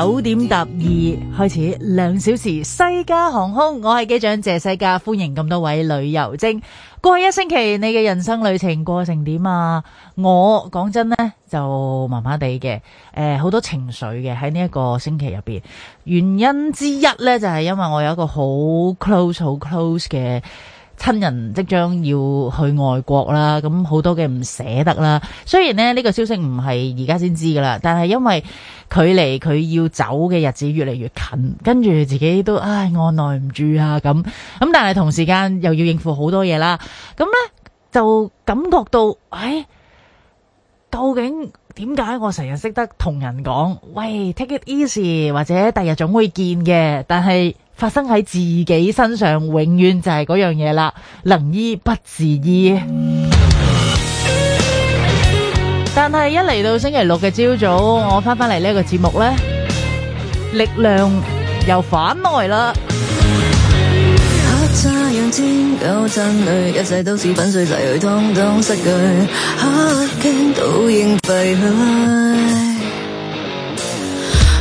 九點特二開始兩小時西加航空，我係機長謝西加，歡迎咁多位旅遊精。過去一星期你嘅人生旅程過程點啊？我講真呢，就麻麻地嘅，誒、呃、好多情緒嘅喺呢一個星期入邊。原因之一呢，就係、是、因為我有一個好 close 好 close 嘅。親人即將要去外國啦，咁好多嘅唔捨得啦。雖然呢呢個消息唔係而家先知噶啦，但係因為距離佢要走嘅日子越嚟越近，跟住自己都唉按耐唔住啊咁咁。但係同時間又要應付好多嘢啦，咁呢就感覺到唉，究竟點解我成日識得同人講喂 take it easy，或者第日總會見嘅，但係。發生喺自己身上，永遠就係嗰樣嘢啦，能醫不自醫。 但係一嚟到星期六嘅朝早，我翻返嚟呢個節目咧，力量又返來啦。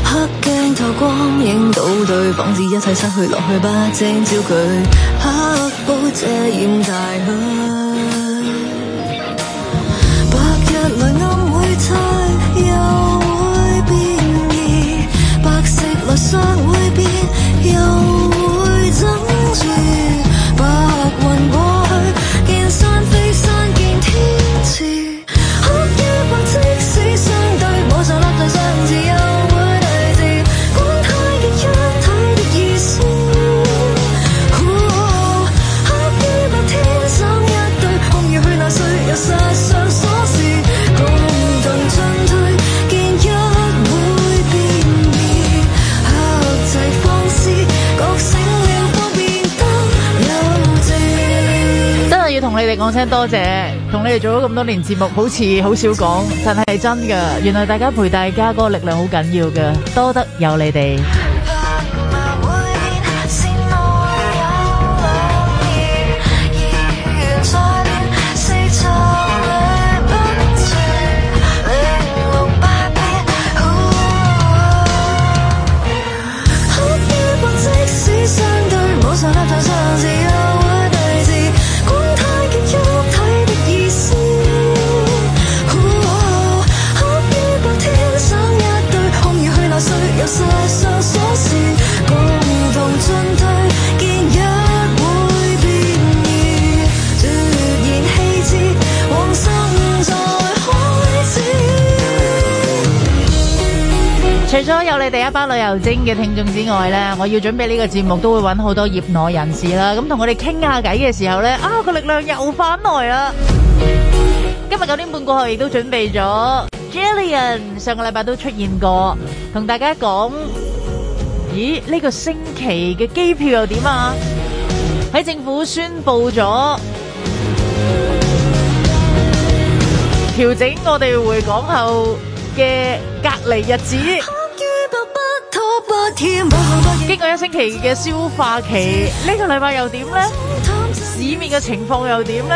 黑鏡頭光影倒退，仿似一切失去，落去不正焦距，黑布遮掩大海。講聲多謝，同你哋做咗咁多年節目，好似好少講，但係真㗎。原來大家陪大家嗰個力量好緊要㗎，多得有你哋。第一班旅遊精嘅聽眾之外咧，我要準備呢個節目都會搵好多業內人士啦。咁同我哋傾下偈嘅時候咧，啊個力量又返來啦！今日九點半過去亦都準備咗，Jillian 上個禮拜都出現過，同大家講：咦，呢個星期嘅機票又點啊？喺政府宣佈咗調整我哋回港後嘅隔離日子。經過一星期嘅消化期，呢個禮拜又點咧？市面嘅情況又點咧？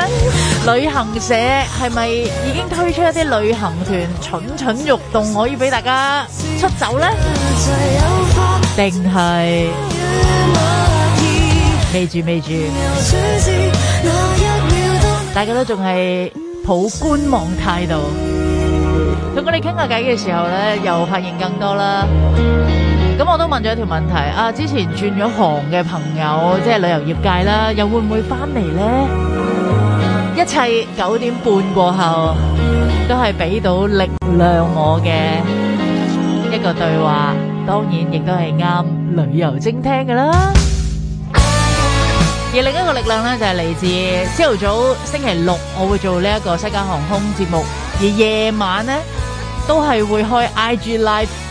旅行社係咪已經推出一啲旅行團蠢蠢欲動，可以俾大家出走咧？定係？未住，未住，大家都仲係抱觀望態度。同我哋傾下偈嘅時候咧，又發現更多啦。咁我都問咗一條問題啊，之前轉咗行嘅朋友，即係旅遊業界啦，又會唔會翻嚟？咧？一切九點半過後都係俾到力量我嘅一個對話，當然亦都係啱旅遊精聽㗎啦。而另一個力量咧，就係、是、嚟自朝頭早星期六，我會做呢一個世界航空節目，而夜晚咧都係會開 IG Live。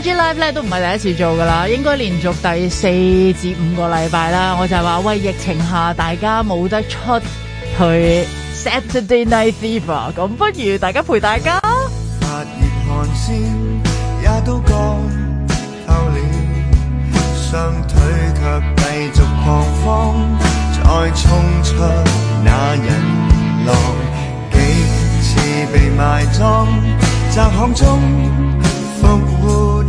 G Live 咧，都唔係第一次做噶啦，應該連續第四至五個禮拜啦。我就係話喂，疫情下大家冇得出去，Saturday Night Fever，咁不如大家陪大家。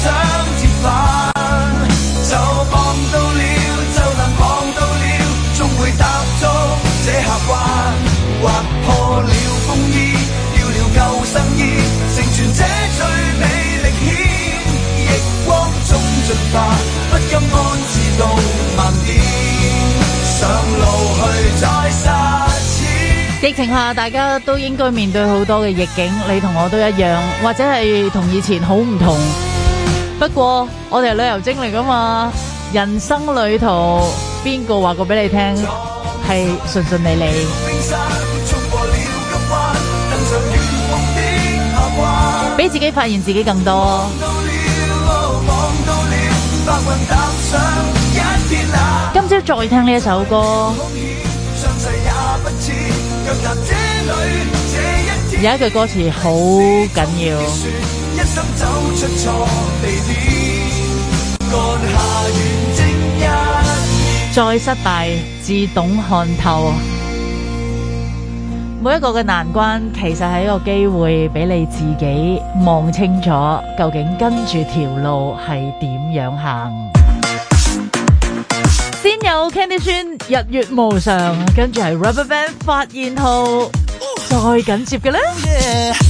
想折返，就望到了，就能望到了，終會踏足這客灣。劃破了風衣，掉了救生衣，成全這最美歷險。逆光中進化，不禁安置到慢點，上路去再實踐。疫情下大家都應該面對好多嘅逆境，你同我都一樣，或者係同以前好唔同。不過我哋係旅遊精嚟噶嘛，人生旅途邊個話過俾你聽係順順利利？俾自己發現自己更多。今朝再聽呢一首歌，有一句歌詞好緊要。一生走出錯地點幹下完再失敗，至懂看透。每一個嘅難關，其實係一個機會，俾你自己望清楚，究竟跟住條路係點樣行。 先有 Candy 孫日月無常，跟住係 Rubber Band 發現號，再緊接嘅呢。Oh, yeah.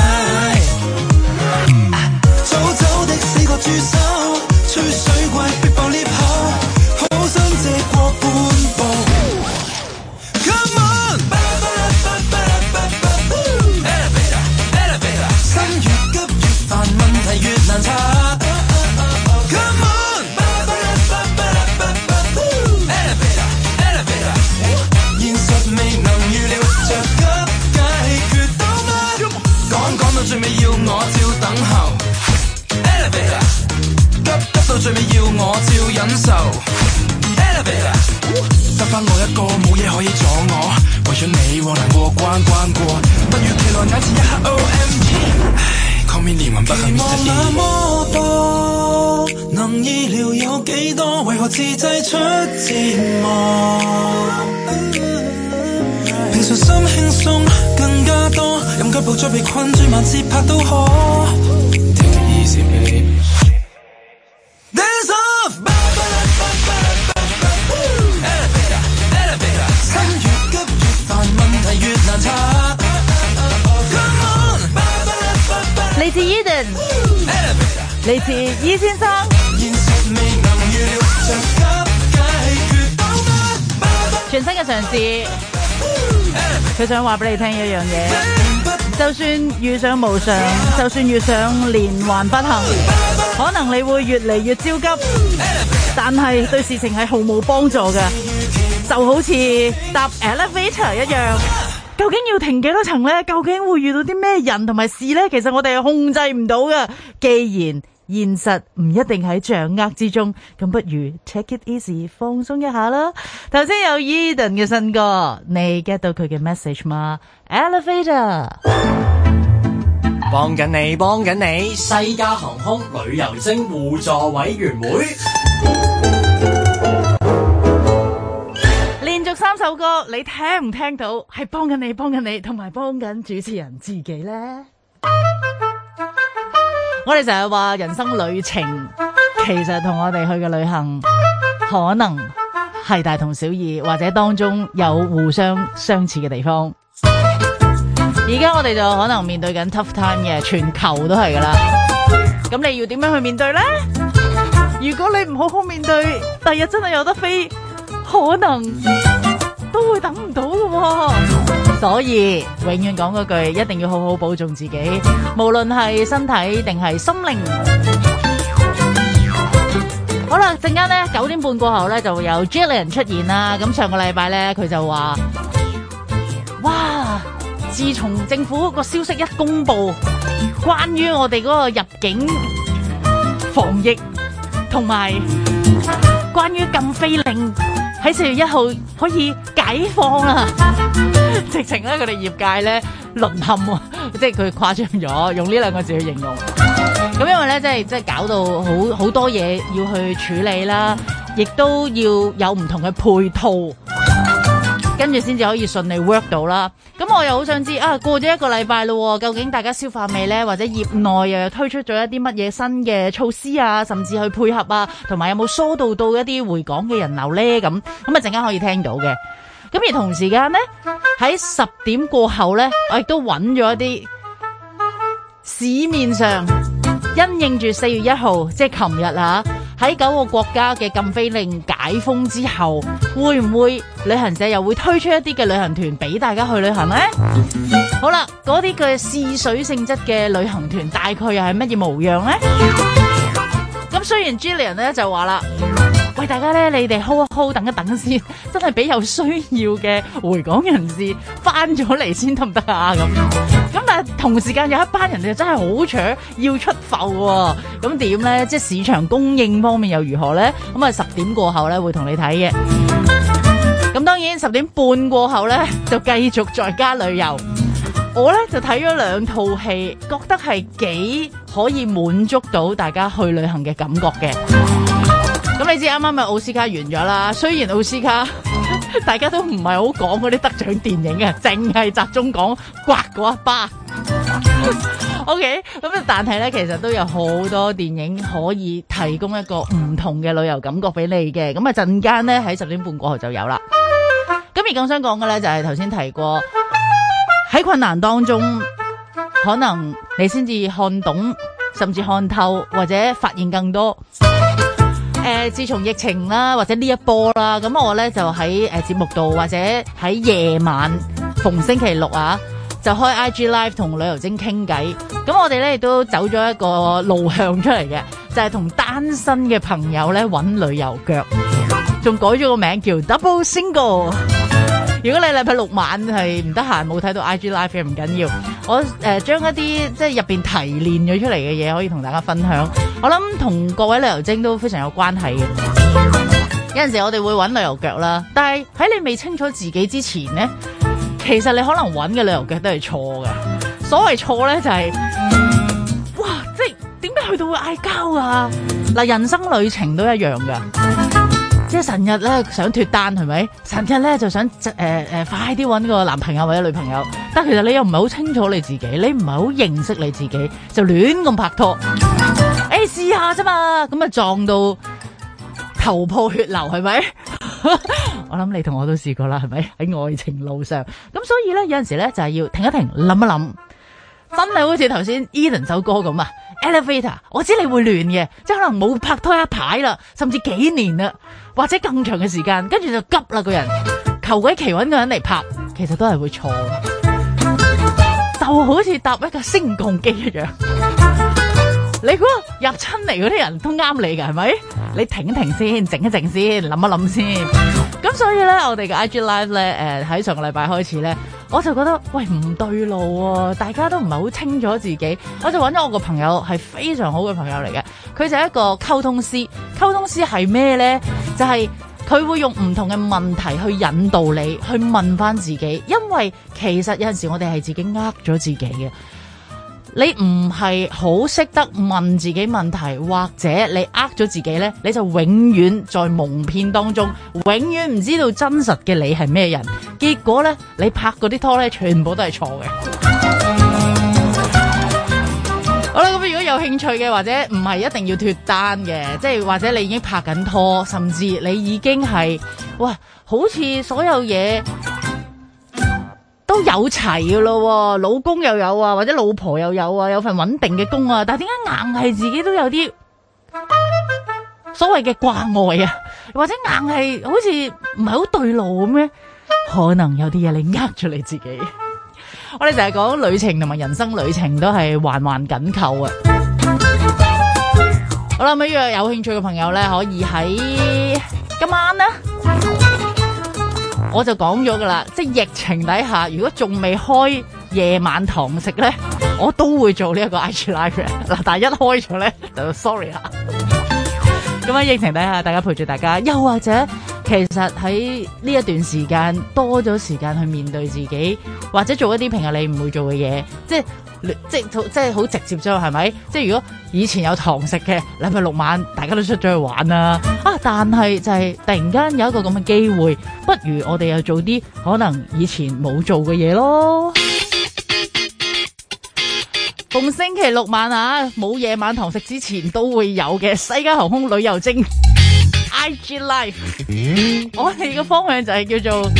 你聽一樣嘢，就算遇上無常，就算遇上連環不幸，可能你會越嚟越焦急，但係對事情係毫無幫助嘅，就好似搭 elevator 一樣。究竟要停幾多層呢？究竟會遇到啲咩人同埋事呢？其實我哋係控制唔到嘅。既然.現實唔一定喺掌握之中，咁不如 take it easy，放鬆一下啦。頭先有 Edan 嘅新歌，你 get 到佢嘅 message 嗎？Elevator，幫緊你，幫緊你，西加航空旅遊星互助委員會，連續三首歌，你聽唔聽到？係幫緊你，幫緊你，同埋幫緊主持人自己呢。我哋成日話人生旅程，其實同我哋去嘅旅行，可能係大同小異，或者當中有互相相似嘅地方。而家 我哋就可能面對緊 tough time 嘅，全球都係噶啦。咁 你要點樣去面對呢？如果你唔好好面對，第日真係有得飛，可能都會等唔到噶喎、哦。所以，永遠講嗰句，一定要好好保重自己，無論係身體定係心靈。好啦，陣間咧九點半過後咧，就會有 Jillian 出現啦。咁上個禮拜咧，佢就話，哇，自從政府個消息一公布，關於我哋嗰個入境防疫同埋關於禁飛令喺四月一號可以解放啦、啊！ 直情咧，佢哋業界咧淪陷喎、啊， 即係佢誇張咗，用呢兩個字去形容。咁 因為咧，即係即係搞到好好多嘢要去處理啦，亦都要有唔同嘅配套，跟住先至可以順利 work 到啦。咁我又好想知啊，過咗一個禮拜喎，究竟大家消化未咧？或者業內又有推出咗一啲乜嘢新嘅措施啊？甚至去配合啊？同埋有冇疏導到一啲回港嘅人流咧？咁咁啊，陣間可以聽到嘅。咁而同時間呢，喺十點過後呢，我亦都揾咗一啲市面上因應住四月一號，即係琴日啊，喺九個國家嘅禁飛令解封之後，會唔會旅行社又會推出一啲嘅旅行團俾大家去旅行呢？ 好啦，嗰啲嘅試水性質嘅旅行團大概又係乜嘢模樣呢？咁雖然 Jillian 咧就話啦。喂，大家咧，你哋 hold hold 等一等先，真係俾有需要嘅回港人士翻咗嚟先得唔得啊？咁咁但係同時間有一班人哋真係好搶要出埠嘅，哦，咁點呢？即係市場供應方面又如何呢？咁啊十點過後咧會同你睇嘅。咁當然十點半過後呢，就繼續在家旅遊。我呢，就睇咗兩套戲，覺得係幾可以滿足到大家去旅行嘅感覺嘅。咁你知啱啱咪奧斯卡完咗啦，雖然奧斯卡大家都唔係好講嗰啲得獎電影嘅，淨係集中講刮嗰一巴。OK，咁但係呢，其實都有好多電影可以提供一個唔同嘅旅遊感覺俾你嘅。咁啊陣間呢，喺十點半過後就有啦。咁而更想講嘅呢，就係頭先提過，喺困難當中，可能你先至看懂，甚至看透，或者發現更多。誒，自從疫情啦，或者呢一波啦，咁我呢就喺誒節目度，或者喺夜晚逢星期六啊，就開 IG Live 同旅遊精傾偈。咁我哋呢亦都走咗一個路向出嚟嘅，就係同單身嘅朋友呢搵旅遊腳，仲改咗個名叫 Double Single。如果你禮拜六晚係唔得閒冇睇到 IG live 嘅，唔緊要，我誒、呃、將一啲即係入邊提煉咗出嚟嘅嘢可以同大家分享。我諗同各位旅遊精都非常有關係嘅。有陣時候我哋會揾旅遊腳啦，但係喺你未清楚自己之前咧，其實你可能揾嘅旅遊腳都係錯嘅。所謂錯咧就係、是嗯，哇！即係點解去到會嗌交啊？嗱，人生旅程都一樣嘅。即係成日咧想脫單係咪？成日咧就想誒誒、呃、快啲搵個男朋友或者女朋友，但係其實你又唔係好清楚你自己，你唔係好認識你自己，就亂咁拍拖。誒試下啫嘛，咁啊撞到頭破血流係咪？是是 我諗你同我都試過啦，係咪？喺愛情路上，咁所以咧有陣時咧就係、是、要停一停，諗一諗，真係好似頭先 Edan 首歌咁啊！Elevator，我知你會亂嘅，即係可能冇拍拖一排啦，甚至幾年啦，或者更長嘅時間，跟住就急啦個人，求鬼奇搵個人嚟拍，其實都係會錯，就好似搭一個升降機一樣。你估入親嚟嗰啲人都啱你㗎，係咪？你停一停先，靜一靜先，諗一諗先。咁所以咧，我哋嘅 IG Live 咧、呃，誒，喺上個禮拜開始咧，我就覺得喂唔對路喎、哦，大家都唔係好清楚自己。我就揾咗我個朋友，係非常好嘅朋友嚟嘅，佢就係一個溝通師。溝通師係咩咧？就係、是、佢會用唔同嘅問題去引導你，去問翻自己。因為其實有陣時我哋係自己呃咗自己嘅。你唔係好識得問自己問題，或者你呃咗自己呢，你就永遠在蒙騙當中，永遠唔知道真實嘅你係咩人。結果呢，你拍嗰啲拖呢，全部都係錯嘅。嗯、好啦，咁如果有興趣嘅，或者唔係一定要脫單嘅，即係或者你已經拍緊拖，甚至你已經係，哇，好似所有嘢。都有齊嘅咯，老公又有啊，或者老婆又有啊，有份穩定嘅工啊，但係點解硬係自己都有啲所謂嘅掛礙啊，或者硬係好似唔係好對路咁咧？可能有啲嘢，你呃咗你自己。我哋成日講旅程同埋人生旅程都係環環緊扣啊！好啦，咁如果有興趣嘅朋友咧，可以喺今晚咧。我就講咗噶啦，即係疫情底下，如果仲未開夜晚堂食咧，我都會做呢一個 IG Live。嗱，但係一開咗咧，就 sorry 啦。咁喺 疫情底下，大家陪住大家，又或者其實喺呢一段時間多咗時間去面對自己，或者做一啲平日你唔會做嘅嘢，即係。即係好即好直接啫，係咪？即係如果以前有堂食嘅禮拜六晚，大家都出咗去玩啦，啊。啊！但係就係突然間有一個咁嘅機會，不如我哋又做啲可能以前冇做嘅嘢咯。逢 星期六晚啊，冇夜晚堂食之前都會有嘅世界航空旅遊精 IG Live， 我哋嘅方向就係叫做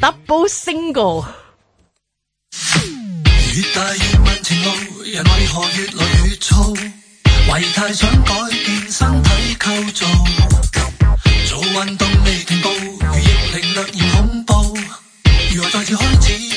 Double Single。越大越問前路，人為何越來越躁？懷疑太想改變身體構造，做運動未停步，如逆齡略嫌恐怖，如何再次開始？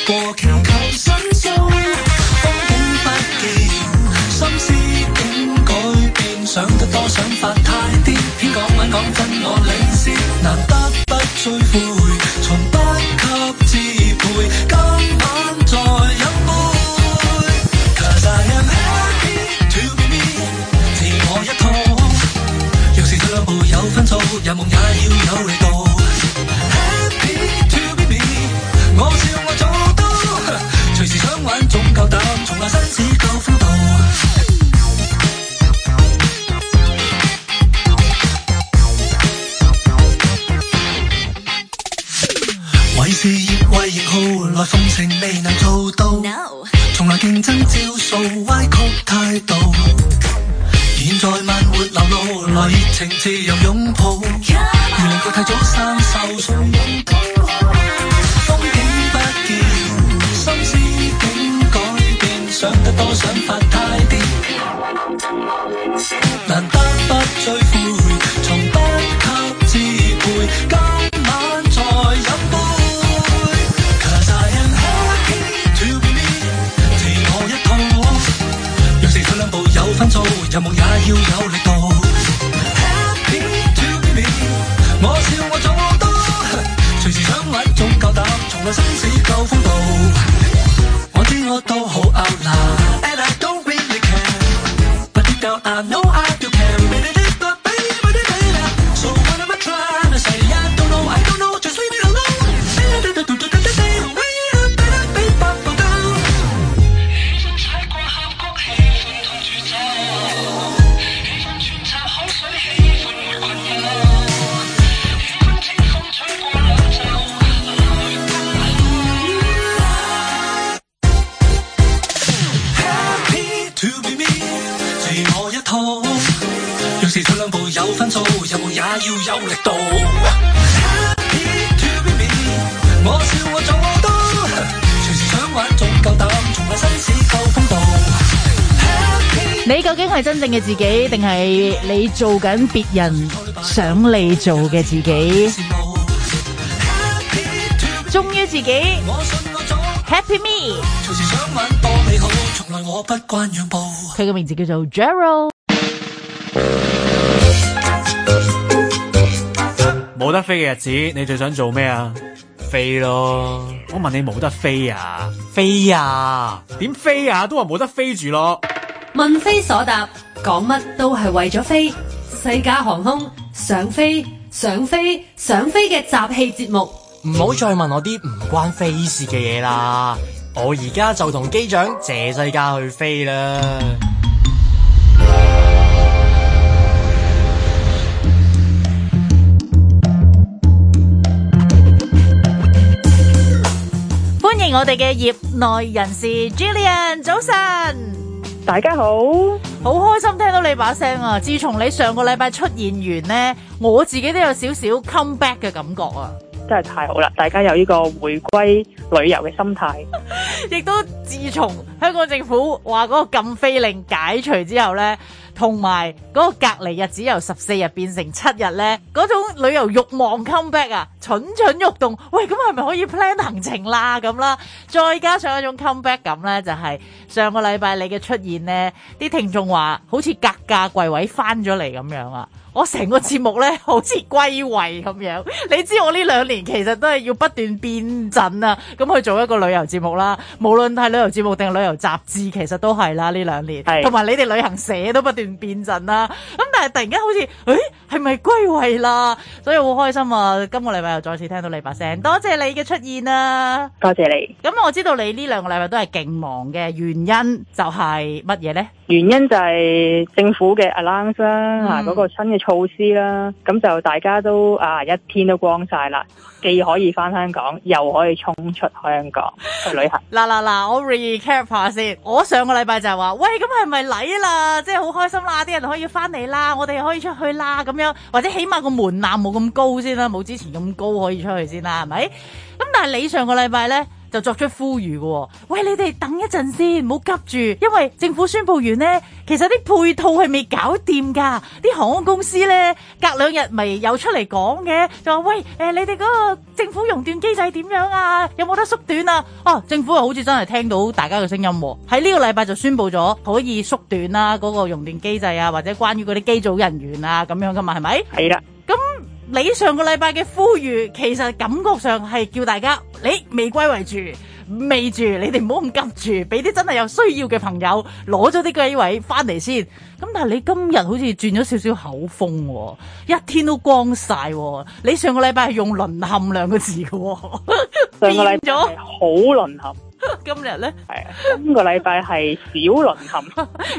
嘅自己，定係你做緊別人想你做嘅自己。忠於自己，Happy Me。想美好來我不佢嘅名字叫做 Jerro。冇得飛嘅日子，你最想做咩啊？飛咯！我問你冇得飛啊？飛啊？點飛啊？都話冇得飛住咯？問非所答。講乜都係為咗飛，世界航空想飛想飛想飛嘅集氣節目，唔好再問我啲唔關飛事嘅嘢啦！我而家就同機長謝世界去飛啦！歡迎我哋嘅業內人士 Jillian，早晨。大家好，好開心聽到你把聲啊！自從你上個禮拜出現完呢，我自己都有少少 come back 嘅感覺啊！真係太好啦，大家有呢個回歸旅遊嘅心態，亦 都自從香港政府話嗰個禁飛令解除之後呢。同埋嗰個隔離日子由十四日變成七日呢，嗰種旅遊慾望 come back 啊，蠢蠢欲動。喂，咁係咪可以 plan 行程啦？咁啦，再加上一種 come back 感呢，就係上個禮拜你嘅出現呢。啲聽眾話好似格價櫃位翻咗嚟咁樣啊。我成個節目咧，好似歸位咁樣。你知我呢兩年其實都係要不斷變陣啊，咁去做一個旅遊節目啦。無論係旅遊節目定旅遊雜誌，其實都係啦呢兩年。同埋係你哋旅行社都不斷變陣啦、啊。咁但係突然間好似，誒係咪歸位啦？所以好開心啊！今個禮拜又再次聽到你把聲，多謝你嘅出現啊！多謝你。咁我知道你呢兩個禮拜都係勁忙嘅，原因就係乜嘢呢？原因就係政府嘅 announce 啦，嗰、嗯、個新嘅措施啦、啊，咁就大家都啊一天都光晒啦，既可以翻香港，又可以衝出香港去旅行。嗱嗱嗱，我 recap 下先，我上個禮拜就係話，喂，咁係咪嚟啦？即係好開心啦，啲人可以翻嚟啦，我哋可以出去啦，咁樣或者起碼個門檻冇咁高先啦，冇之前咁高可以出去先啦，係咪？咁但係你上個禮拜咧？就作出呼籲，喂，你哋等一陣先，唔好急住，因為政府宣佈完呢，其實啲配套係未搞掂噶，啲航空公司呢，隔兩日咪又出嚟講嘅，就話喂，呃、你哋嗰個政府熔斷機制點樣啊？有冇得縮短啊？哦、啊，政府好似真係聽到大家嘅聲音喎、啊，喺呢個禮拜就宣佈咗可以縮短啦、啊，嗰、嗰個熔斷，啊嗰個、斷機制啊，或者關於嗰啲機組人員啊咁樣噶嘛，係咪？係啦的，咁。你上個禮拜嘅呼籲，其實感覺上係叫大家你未歸為住，未住，你哋唔好咁急住，俾啲真係有需要嘅朋友攞咗啲機位翻嚟先。咁但係你今日好似轉咗少少口風，一天都光晒。你上個禮拜係用淪陷兩個字喎，上個禮拜變咗好淪陷。了今日咧係啊，今個禮拜係小淪陷。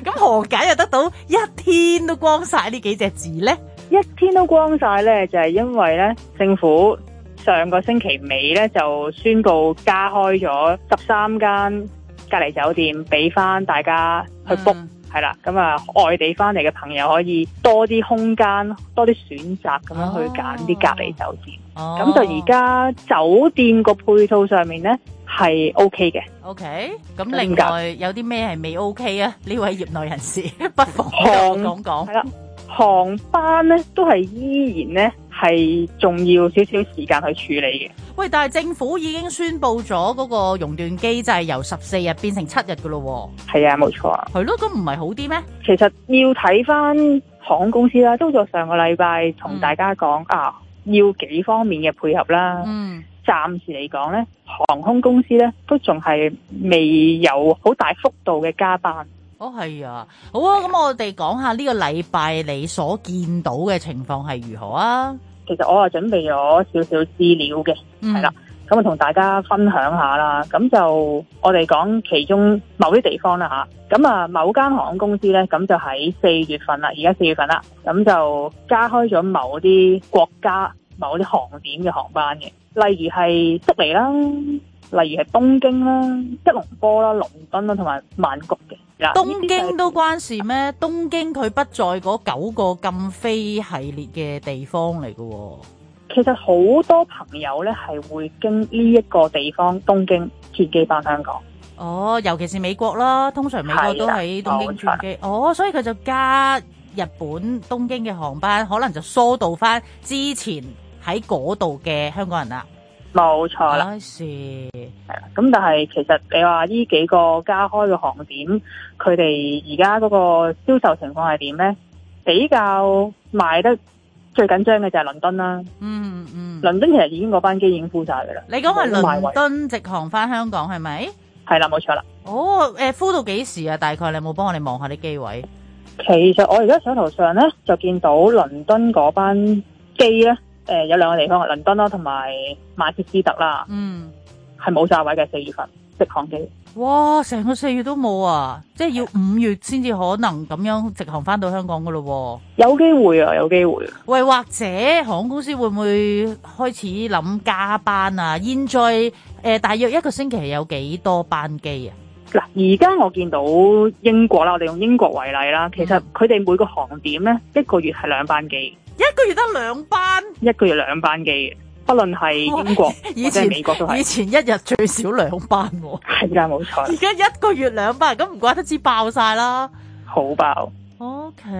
咁 何解又得到一天都光晒呢幾隻字咧？一天都光晒呢，就係、是，因為呢政府上個星期尾呢，就宣布加開咗十三間隔離酒店，俾翻大家去 book 係啦。咁啊、嗯嗯，外地翻嚟嘅朋友可以多啲空間，多啲選擇咁樣去揀啲隔離酒店。咁、哦、就而家酒店個配套上面呢，係 OK 嘅。OK，咁另外有啲咩係未 OK 啊？呢位業內人士不妨講講。係啦、嗯。航班咧都係依然咧係仲要少少時間去處理嘅。喂，但係政府已經宣布咗嗰個熔斷機制由十四日變成七日噶咯。係啊，冇錯啊。係咯，咁唔係好啲咩？其實要睇翻航空公司啦，都喺上個禮拜同大家講、嗯、啊，要幾方面嘅配合啦。嗯，暫時嚟講咧，航空公司咧都仲係未有好大幅度嘅加班。哦，係啊，好啊。咁、啊、我哋講下呢個禮拜你所見到嘅情況係如何啊？其實我啊準備咗少少資料嘅，係啦、嗯，咁啊同大家分享下啦。咁就我哋講其中某啲地方啦吓，咁啊某間航空公司呢，咁就喺四月份啦，而家四月份啦，咁就加開咗某啲國家某啲航點嘅航班嘅，例如係悉尼啦，例如係東京啦、吉隆坡啦、倫敦啦，同埋曼谷嘅。東京都關事咩？東京佢不在嗰九個禁飛系列嘅地方嚟喎。其實好多朋友呢係會經呢一個地方東京轉機翻香港。哦，尤其是美國啦，通常美國都喺東京轉機。哦，所以佢就加日本東京嘅航班，可能就疏導翻之前喺嗰度嘅香港人啦。冇錯啦，係啦，咁、啊、但係其實你話呢幾個加開嘅航點，佢哋而家嗰個銷售情況係點呢？比較賣得最緊張嘅就係倫敦啦、嗯。嗯嗯，倫敦其實已經嗰班機已經孵晒嘅啦。你講係倫敦直航返香港係咪？係啦，冇錯啦。哦，誒、呃，孵到幾時啊？大概你有冇幫我哋望下啲機位？其實我而家手頭上呢，就見到倫敦嗰班機咧、啊。誒、呃，有兩個地方，倫敦咯，同埋曼徹斯特啦，嗯，係冇炸位嘅四月份直航機。哇，成個四月都冇啊！即係要五月先至可能咁樣直航返到香港噶咯、啊？有機會啊，有機會、啊。喂，或者航空公司會唔會開始諗加班啊？現在誒、呃，大約一個星期有幾多班機啊？嗱，而家我見到英國啦，我哋用英國為例啦，其實佢哋每個航點呢，一個月係兩班機。一個月得兩班，一個月兩班機，不論係英國或者美國都係，以前,以前一日最少兩班，哦，係啦，冇錯。而家一個月兩班，咁唔怪得知爆晒啦，好爆。O K，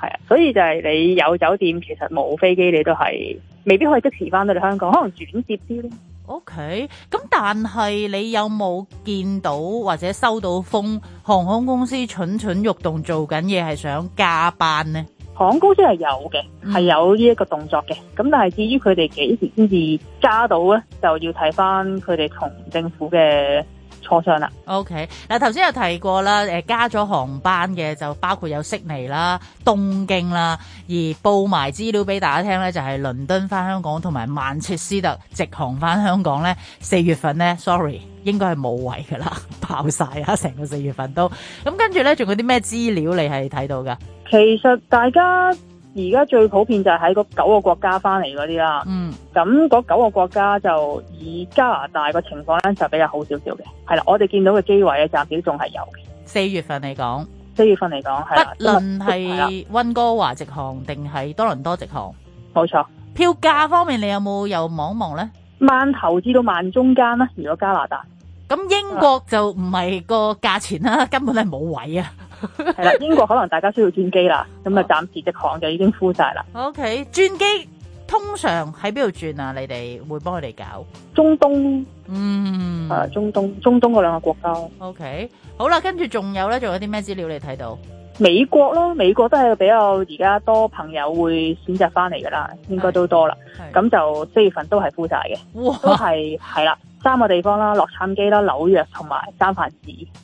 係啊，所以就係你有酒店，其實冇飛機，你都係未必可以即時翻到嚟香港，可能轉接啲。O K，咁但係你有冇見到或者收到風，航空公司蠢蠢欲動做緊嘢，係想加班呢？航空公司係有嘅，係、嗯、有呢一個動作嘅。咁但係至於佢哋幾時先至加到呢，就要睇翻佢哋同政府嘅磋商啦。OK，嗱頭先有提過啦，誒加咗航班嘅就包括有悉尼啦、東京啦，而報埋資料俾大家聽呢，就係、是、倫敦翻香港同埋曼徹斯特直航翻香港呢。四月份呢，sorry。應該係冇位噶啦，爆晒啊！成個四月份都咁，跟住呢，仲有啲咩資料你係睇到噶？其實大家而家最普遍就係喺嗰九個國家翻嚟嗰啲啦。嗯，咁嗰九個國家就以加拿大個情況呢，就比較好少少嘅。係啦，我哋見到嘅機會嘅暫時仲係有嘅。四月份嚟講，四月份嚟講，係不論係溫哥華直航定係多倫多直航，冇錯。票價方面，你有冇又望一望呢？慢投資到慢中間啦，如果加拿大咁英國就唔係個價錢啦，根本咧冇位啊。係 啦，英國可能大家需要轉機啦，咁啊暫時即行就已經敷晒啦。OK，轉機通常喺邊度轉啊？你哋會幫佢哋搞中東，嗯啊中東中東嗰兩個國家。OK，好啦，跟住仲有咧，仲有啲咩資料你睇到？美國咯，美國都係比較而家多朋友會選擇翻嚟噶啦，應該都多啦。咁就四月份都係負債嘅，哇都係係啦三個地方啦，洛杉磯啦、紐約同埋三藩市。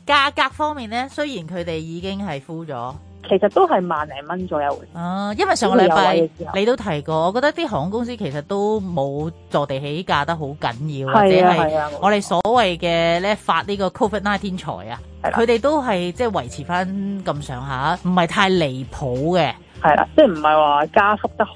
價格方面呢，雖然佢哋已經係負咗。其實都係萬零蚊左右。哦、啊，因為上個禮拜你都提過，我覺得啲航空公司其實都冇坐地起價得好緊要，或者係我哋所謂嘅咧發呢個 Covid nineteen 財啊，佢哋的都係即係維持翻咁上下，唔係太離譜嘅，係啦，即係唔係話加幅得好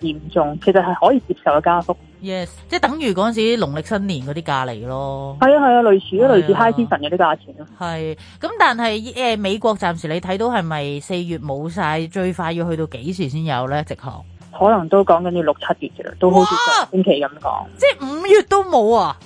嚴重，其實係可以接受嘅加幅。yes，即係等於嗰陣時農曆新年嗰啲價嚟咯，係啊係啊，類似類似 high season 嘅啲價錢咯。係，咁但係誒、呃、美國暫時你睇到係咪四月冇晒，最快要去到幾時先有咧？直航可能都講緊要六七月嘅，哇都好似上星期咁講，即係五月都冇啊！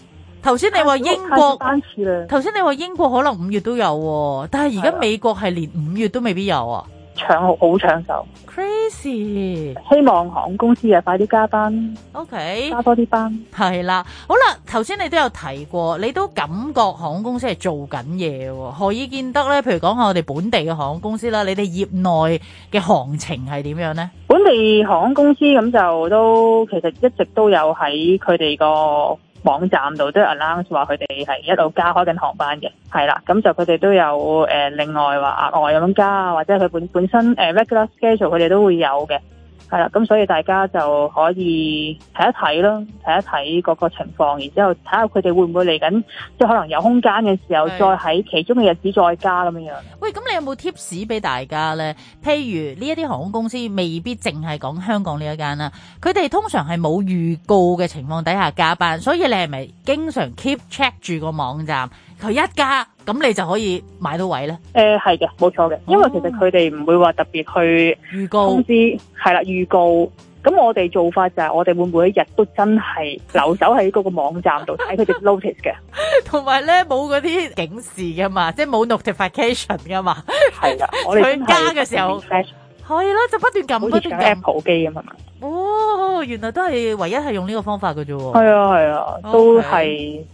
頭先你話英國三次啦，頭先你話英國可能五月都有、啊，但係而家美國係連五月都未必有啊！搶好搶手，Crazy！希望航空公司又快啲加班，OK，加多啲班。係啦，好啦，頭先你都有提過，你都感覺航空公司係做緊嘢喎。何以見得呢？譬如講下我哋本地嘅航空公司啦，你哋業內嘅行情係點樣呢？本地航空公司咁就都其實一直都有喺佢哋個。網站度都有 announce 話佢哋係一路加開緊航班嘅。係啦，咁就佢哋都有、呃、另外話額外咁樣加啊，或者佢本本身、呃、regular schedule 佢哋都會有嘅。係啦，咁所以大家就可以睇一睇咯，睇一睇個個情況，然之後睇下佢哋會唔會嚟緊，即係可能有空間嘅時候，是再喺其中嘅日子再加咁樣喂，咁你有冇貼 i 俾大家呢？譬如呢一啲航空公司未必淨係講香港呢一間啦，佢哋通常係冇預告嘅情況底下加班，所以你係咪經常 keep check 住個網站？佢一加咁，你就可以買到位咧。誒、呃，係嘅，冇錯嘅，因為其實佢哋唔會話特別去預告通知係啦，預告。咁我哋做法就係我哋會每一日都真係留守喺嗰個網站度睇佢哋 notice 嘅，同埋咧冇嗰啲警示噶嘛，即係冇 notification 噶嘛。係喇。佢加嘅時候係啦就不斷撳嗰 Apple 機咁啊嘛。哦，原來都係唯一係用呢個方法嘅啫喎。係啊，係啊，都係。Okay.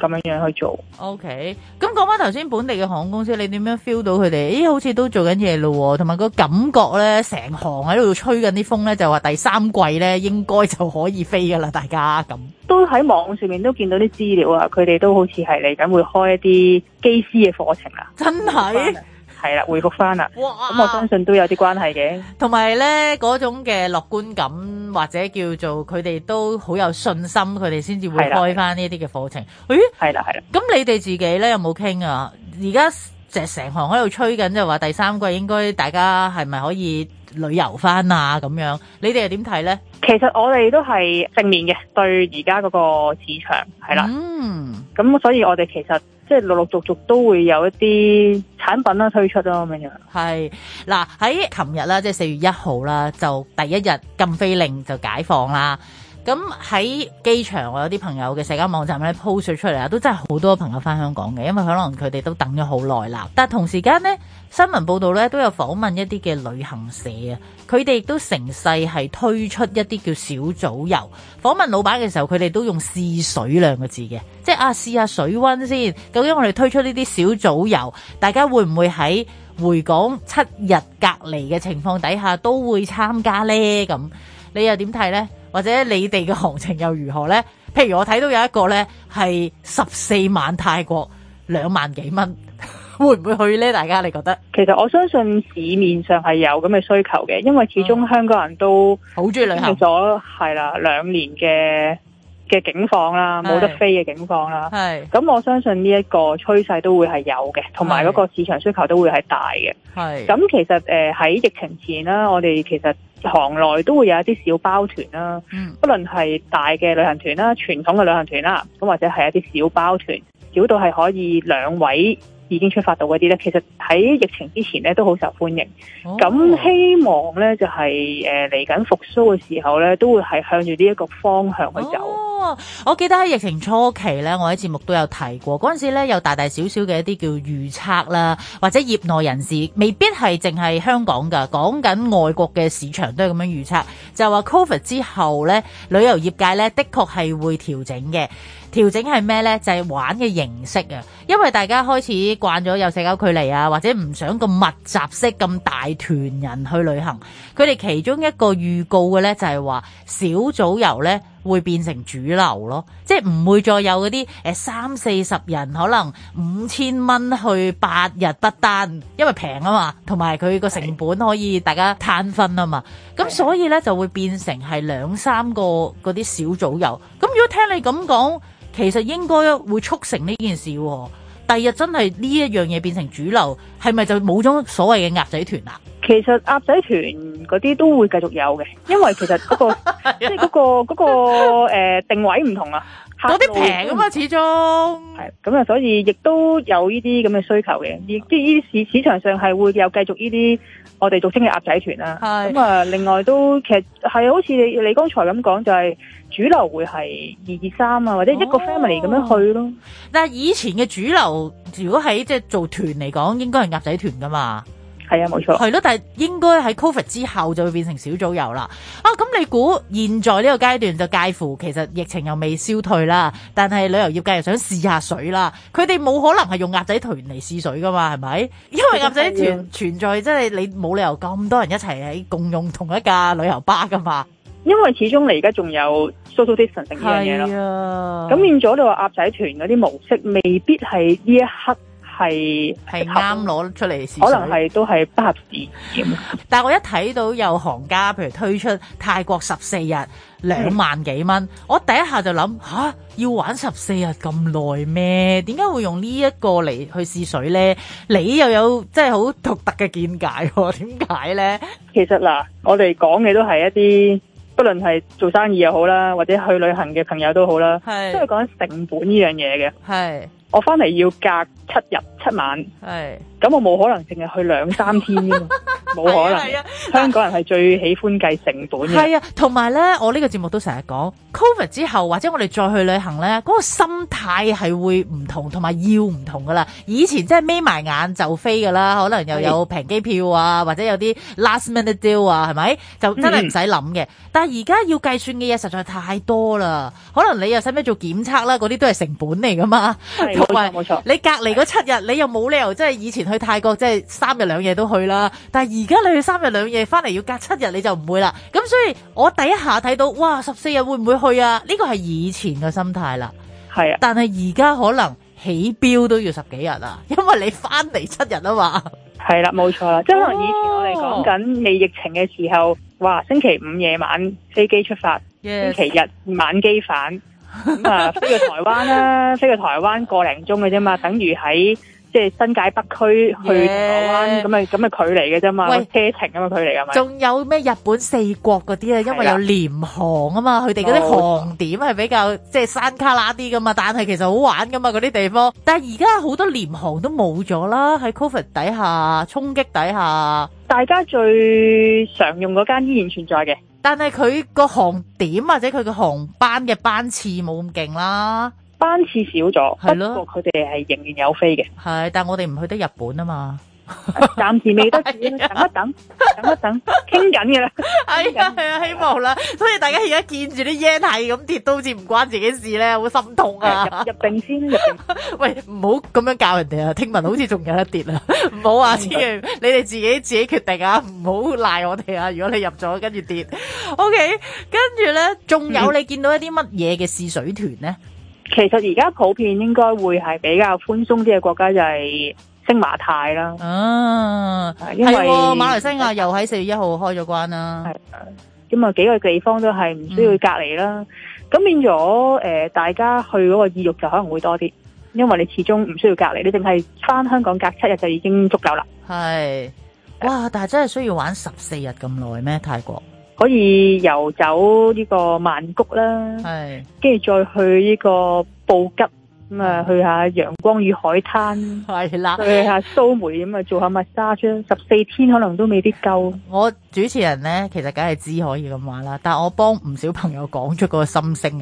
咁樣去做。OK，咁講翻頭先本地嘅航空公司，你點樣 feel 到佢哋？咦、哎，好似都做緊嘢咯，同埋個感覺咧，成行喺度吹緊啲風咧，就話第三季咧應該就可以飛噶啦，大家咁。都喺網上面都見到啲資料啊，佢哋都好似係嚟緊會開一啲機師嘅課程啊，真係的。係啦，回復翻啦，咁哇我相信都有啲關係嘅，同埋咧嗰種嘅樂觀感，或者叫做佢哋都好有信心，佢哋先至會開翻呢啲嘅課程。咦，係啦係啦，咁你哋自己咧有冇傾啊？而家就成行喺度吹緊，即係話第三季應該大家係咪可以旅遊翻啊？咁樣，你哋又點睇咧？其實我哋都係正面嘅對而家嗰個市場，係啦，咁、嗯、所以我哋其實。即係陸陸續續都會有一啲產品啦，推出咗咁樣。係嗱，喺琴日啦，即係四月一號啦，就第一日禁飛令就解放啦。咁喺機場，我有啲朋友嘅社交網站咧 po 出嚟呀，都真係好多朋友翻香港嘅，因為可能佢哋都等咗好耐啦。但係同時間呢，新聞報導咧都有訪問一啲嘅旅行社啊。佢哋亦都成世係推出一啲叫小組遊訪問老闆嘅時候，佢哋都用試水兩個字嘅，即係啊試下水温先。究竟我哋推出呢啲小組遊，大家會唔會喺回港七日隔離嘅情況底下都會參加咧？咁你又點睇咧？或者你哋嘅行程又如何咧？譬如我睇到有一個咧係十四萬泰國兩萬幾蚊。會唔會去呢？大家你覺得，其實我相信市面上係有咁嘅需求嘅，因為始終、嗯、香港人都好中意旅行咗係啦兩年嘅嘅景況啦，冇是得飛嘅景況啦。係咁是，我相信呢一個趨勢都會係有嘅，同埋嗰個市場需求都會係大嘅。係咁是，其實誒喺、呃、疫情前啦、啊，我哋其實行內都會有一啲小包團啦、啊，嗯，不論係大嘅旅行團啦、啊，傳統嘅旅行團啦、啊，咁或者係一啲小包團，少到係可以兩位，已經出發到嗰啲呢，其實喺疫情之前呢都好受歡迎。咁、哦、希望呢就係誒嚟緊復甦嘅時候呢，都會係向住呢一個方向去走。哦、我記得喺疫情初期呢，我喺節目都有提過，嗰陣時呢有大大小小嘅一啲叫預測啦，或者業內人士未必係淨係香港噶，講緊外國嘅市場都係咁樣預測，就話 Covid 之後呢，旅遊業界呢的確係會調整嘅。調整係咩呢？就係玩嘅形式啊，因為大家開始慣咗有社交距離啊，或者唔想咁密集式、咁大團人去旅行。佢哋其中一個預告嘅呢，就係話小組遊呢會變成主流咯，即係唔會再有嗰啲三四十人，可能五千蚊去八日不單，因為平啊嘛，同埋佢個成本可以大家攤分啊嘛。咁的所以呢，就會變成係兩三個嗰啲小組遊。咁如果聽你咁講，其實應該會促成呢件事、哦，第日真係呢一樣嘢變成主流，係咪就冇咗所謂嘅鴨仔團啦？其實鴨仔團嗰啲都會繼續有嘅，因為其實嗰、嗰個即係、 嗰個嗰、嗰個誒、嗰個呃、定位唔同啦、啊。嗰啲平啊嘛，始終係咁啊、嗯，所以亦都有呢啲咁嘅需求嘅，而即係呢啲市市場上係會有繼續呢啲我哋俗稱嘅鴨仔團啦。咁啊係，另外都其實係好似你你剛才咁講，就係、係、主流會係二至三啊，3，或者一個 family 咁樣去咯、哦。但係以前嘅主流，如果喺即係做團嚟講，應該係鴨仔團㗎嘛。係啊，冇錯。係咯，但係應該喺 COVID 之後就會變成小組遊啦。啊，咁你估現在呢個階段就介乎，其實疫情又未消退啦，但係旅遊業界又想試下水啦。佢哋冇可能係用鴨仔團嚟試水噶嘛，係咪？因為鴨仔團存在，即係你冇理由咁多人一齊喺共用同一架旅遊巴噶嘛。因為始終你而家仲有 social distancing 呢樣嘢咯。咁變咗你話鴨仔團嗰啲模式，未必係呢一刻。係係啱攞出嚟試水，可能係都係不合時點。但係我一睇到有行家，譬如推出泰國十四日兩萬幾蚊，我第一下就諗吓，要玩十四日咁耐咩？點解會用呢一個嚟去試水呢？你又有即係好獨特嘅見解，點解呢？其實嗱，我哋講嘅都係一啲，不論係做生意又好啦，或者去旅行嘅朋友都好啦，都係講成本呢樣嘢嘅，係。我翻嚟要隔七日七晚，係咁是的 我冇可能淨係去兩三天啫嘛。 冇可能，啊啊、香港人係最喜歡計成本嘅。係啊，同埋咧，我呢個節目都成日講，Covid 之後或者我哋再去旅行咧，嗰、嗰個心態係會唔同，同埋要唔同噶啦。以前真係眯埋眼就飛噶啦，可能又有平機票啊，是或者有啲 last minute deal 啊，係咪？就真係唔使諗嘅。嗯、但係而家要計算嘅嘢實在太多啦。可能你又使咩做檢測啦，嗰啲都係成本嚟噶嘛。係冇錯，有錯你隔離嗰七日，是你又冇理由即係以前去泰國即係三日兩夜都去啦。但係而家你去三日兩夜翻嚟要隔七日，你就唔會啦。咁所以我第一下睇到，哇！十四日會唔會去啊？呢個係以前嘅心態啦。係啊的，但係而家可能起標都要十幾日啦，因為你翻嚟七日啊嘛。係啦，冇錯啦。即係可能以前我哋講緊未疫情嘅時候，哇！星期五夜晚飛機出發，Yes. 星期日晚機返，咁啊飛去台灣啦，飛去台灣個零鐘嘅啫嘛，等於喺。即係新界北區去銅鑼灣咁啊，咁啊距離嘅啫嘛，喂車程咁嘛距離啊嘛。仲有咩日本四國嗰啲啊？的因為有廉航啊嘛，佢哋嗰啲航點係比較即係山卡拉啲噶嘛，oh. 但係其實好玩噶嘛嗰啲地方。但係而家好多廉航都冇咗啦，喺 Covid 底下衝擊底下。大家最常用嗰間依然存在嘅，但係佢個航點或者佢嘅航班嘅班次冇咁勁啦。班次少咗，咯不過佢哋係仍然有飛嘅。係，但係我哋唔去得日本啊嘛，暫 時未得，啊、等一等，等一等，傾緊嘅啦。哎啊係啊，希望啦。嗯、所以大家而家見住啲 yen 係咁跌，都好似唔關自己事咧，好心痛啊！啊入定先，入定先 喂，唔好咁樣教人哋啊！聽聞好似仲有一跌啊，唔好啊，千祈你哋自己， 自，己自己決定啊，唔好賴我哋啊！如果你入咗跟住跌，OK，跟住咧，仲有你見到一啲乜嘢嘅試水團咧？嗯其實而家普遍應該會係比較寬鬆啲嘅國家就係星馬泰啦。哦、啊，係，因為馬來西亞又喺四月一號開咗關啦。係咁啊，幾個地方都係唔需要隔離啦。咁、嗯、變咗誒、呃，大家去嗰個意欲就可能會多啲，因為你始終唔需要隔離，你淨係翻香港隔七日就已經足夠啦。係，哇！但係真係需要玩十四日咁耐咩？泰國？可以遊走呢個曼谷啦，跟住的再去呢個布吉，咁啊去下陽光與海灘，係啦的，去下蘇梅咁啊做下 massage，十四天可能都未必夠。我主持人呢，其實梗係知可以咁話啦，但係我幫唔少朋友講出個心聲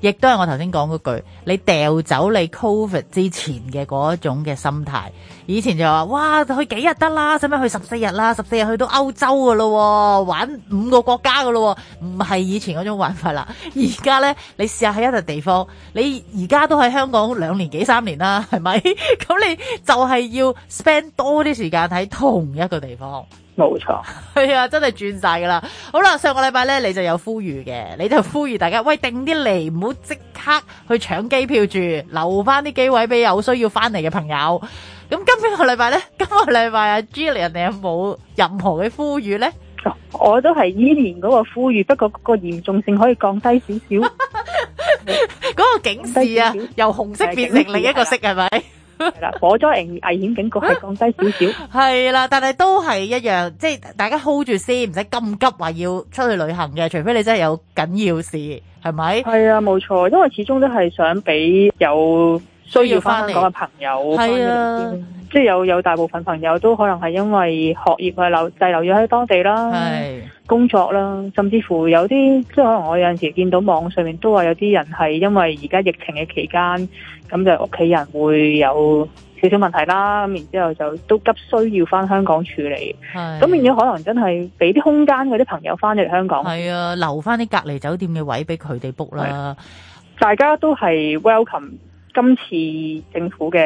亦都係我頭先講嗰句，你掉走你 COVID 之前嘅嗰種嘅心態，以前就話哇去幾日得啦，使唔使去十四日啦？十四日去到歐洲噶咯，玩五個國家噶咯，唔係以前嗰種玩法啦。而家呢，你試下喺一個地方，你而家都喺香港兩年幾三年啦，係咪？咁你就係要 spend 多啲時間喺同一個地方。冇錯，係啊，真係轉晒噶啦。好啦，上個禮拜咧，你就有呼籲嘅，你就呼籲大家，喂，定啲嚟，唔好即刻去搶機票住，留翻啲機位俾有需要翻嚟嘅朋友。咁今個禮拜咧，今個禮拜阿、啊、Jillian 有冇任何嘅呼籲咧？我都係依然嗰個呼籲，不過個嚴重性可以降低少少。嗰 個警示啊，由紅色變成另一個色，係咪 的？係啦， 火災危危險警告係降低少少，係啦， 但係都係一樣，即係大家 hold 住先，唔使咁急話要出去旅行嘅，除非你真係有緊要事，係咪？係啊，冇錯，因為始終都係想俾有需要翻香港嘅朋友，係啊，即係的有有大部分朋友都可能係因為學業啊留滯留咗喺當地啦，係的工作啦，甚至乎有啲即係可能我有陣時見到網上面都話有啲人係因為而家疫情嘅期間。咁就屋企人會有少少問題啦，咁然之後就都急需要翻香港處理，咁、啊、變咗可能真係俾啲空間嗰啲朋友翻嚟香港，係啊，留翻啲隔離酒店嘅位俾佢哋 book 啦、啊，大家都係 welcome。今次政府嘅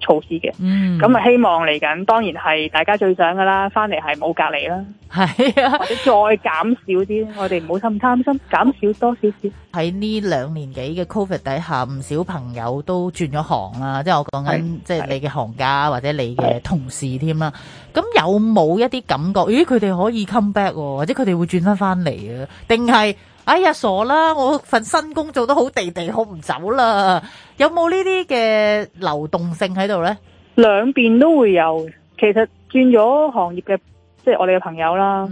措施嘅，咁啊、嗯、希望嚟緊，當然係大家最想噶啦，翻嚟係冇隔離啦，係啊，或者再減少啲， 我哋唔好咁貪心，減少多少少。喺呢兩年幾嘅 Covid 底下，唔少朋友都轉咗行啦、啊，即、就、係、是、我講緊，即係是你嘅行家的或者你嘅同事添啦。咁的有冇一啲感覺咦，佢哋可以 come back，、啊、或者佢哋會轉翻翻嚟啊？定係？哎呀，傻啦！我份新工做得好地地，我唔走啦。有冇呢啲嘅流動性喺度咧？兩邊都會有。其實轉咗行業嘅，即係我哋嘅朋友啦。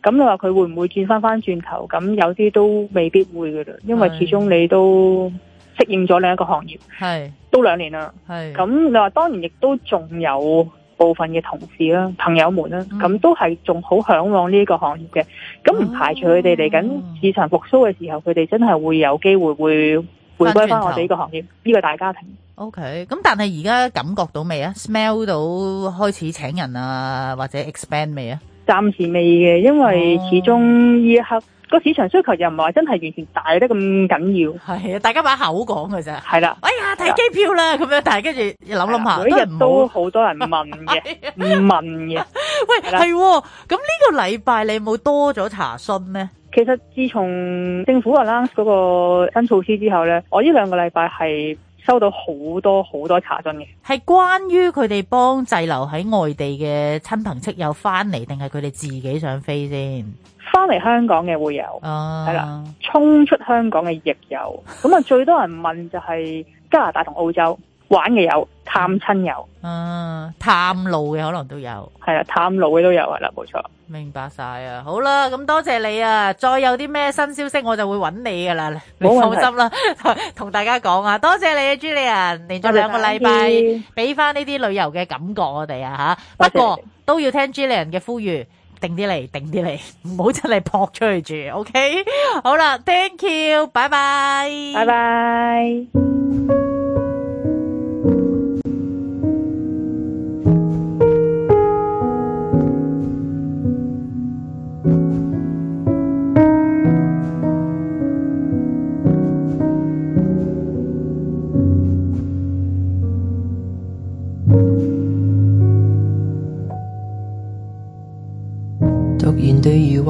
咁你話佢會唔會轉翻翻轉頭？咁有啲都未必會嘅，因為始終你都適應咗另一個行業，係都兩年啦。係咁，你話當然亦都仲有。部分嘅同事啦、啊、朋友們啦、啊，咁、嗯、都係仲好向往呢個行業嘅，咁唔排除佢哋嚟緊市場復蘇嘅時候，佢哋、哦、真係會有機會會回歸翻我哋呢個行業呢頭個大家庭。OK，咁但係而家感覺到未啊？Smell 到開始請人啊，或者 expand 未啊？暫時未嘅，因為始終呢一刻。哦個市場需求又唔係話真係完全大得咁緊要，係啊，大家把口講嘅啫，係啦的。哎呀，睇機票啦，咁的樣，但係跟住諗諗下，的每日都好多人問嘅， 唔問嘅。 喂，係的，咁呢個禮拜你冇多咗查詢咩？其實自從政府 a 啦，嗰個新措施之後咧，我呢兩個禮拜係。收到好多好多查詢嘅，係關於佢哋幫滯留喺外地嘅親朋戚友翻嚟，定係佢哋自己想飛先？翻嚟香港嘅會有，係啦、啊，衝出香港嘅亦有。咁啊，最多人問就係加拿大同澳洲。 玩嘅有探親有，嗯、啊、探路嘅可能都有，係啊，探路嘅都有係啦，冇錯。錯明白晒啊，好啦，咁多謝，謝你啊，再有啲咩新消息我就會揾你噶啦，你放心啦，同 大家講啊，多謝你啊，Julian，連續兩個禮拜俾翻呢啲旅遊嘅感覺我哋啊吓，謝謝不過都要聽 Julian 嘅呼籲，定啲嚟，定啲嚟，唔好真係撲出去住，OK，好啦，Thank you，拜拜，拜拜。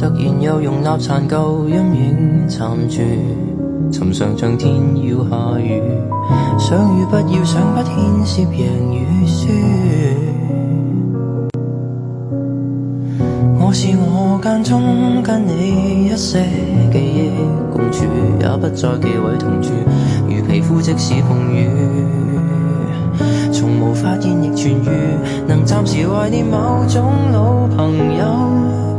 突然又容納殘舊陰影殘住，尋常像天要下雨，想與不要想，不牽涉贏與輸，我是我間中跟你一些記憶共處，也不再忌諱同住，如皮膚即使碰瘀，從無發現亦痊愈，能暫時懷念某種老朋友。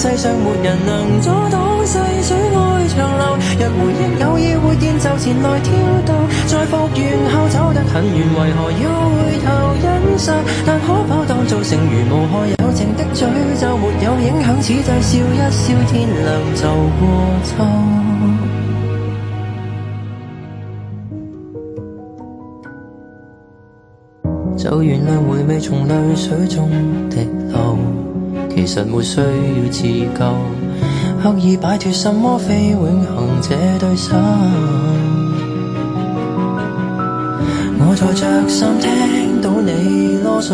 世上沒人能阻擋細水愛長流。若回憶偶爾會現，就前來挑逗。在復原後走得很遠，為何要回頭忍受？但可否當做成如無害友情的咀咒？就沒有影響？此際笑一笑，天亮就過秋。就原諒回味從淚水中滴落。其實沒需要自救，刻意擺脫什麼非永恆這對手。我在着衫聽到你囉嗦，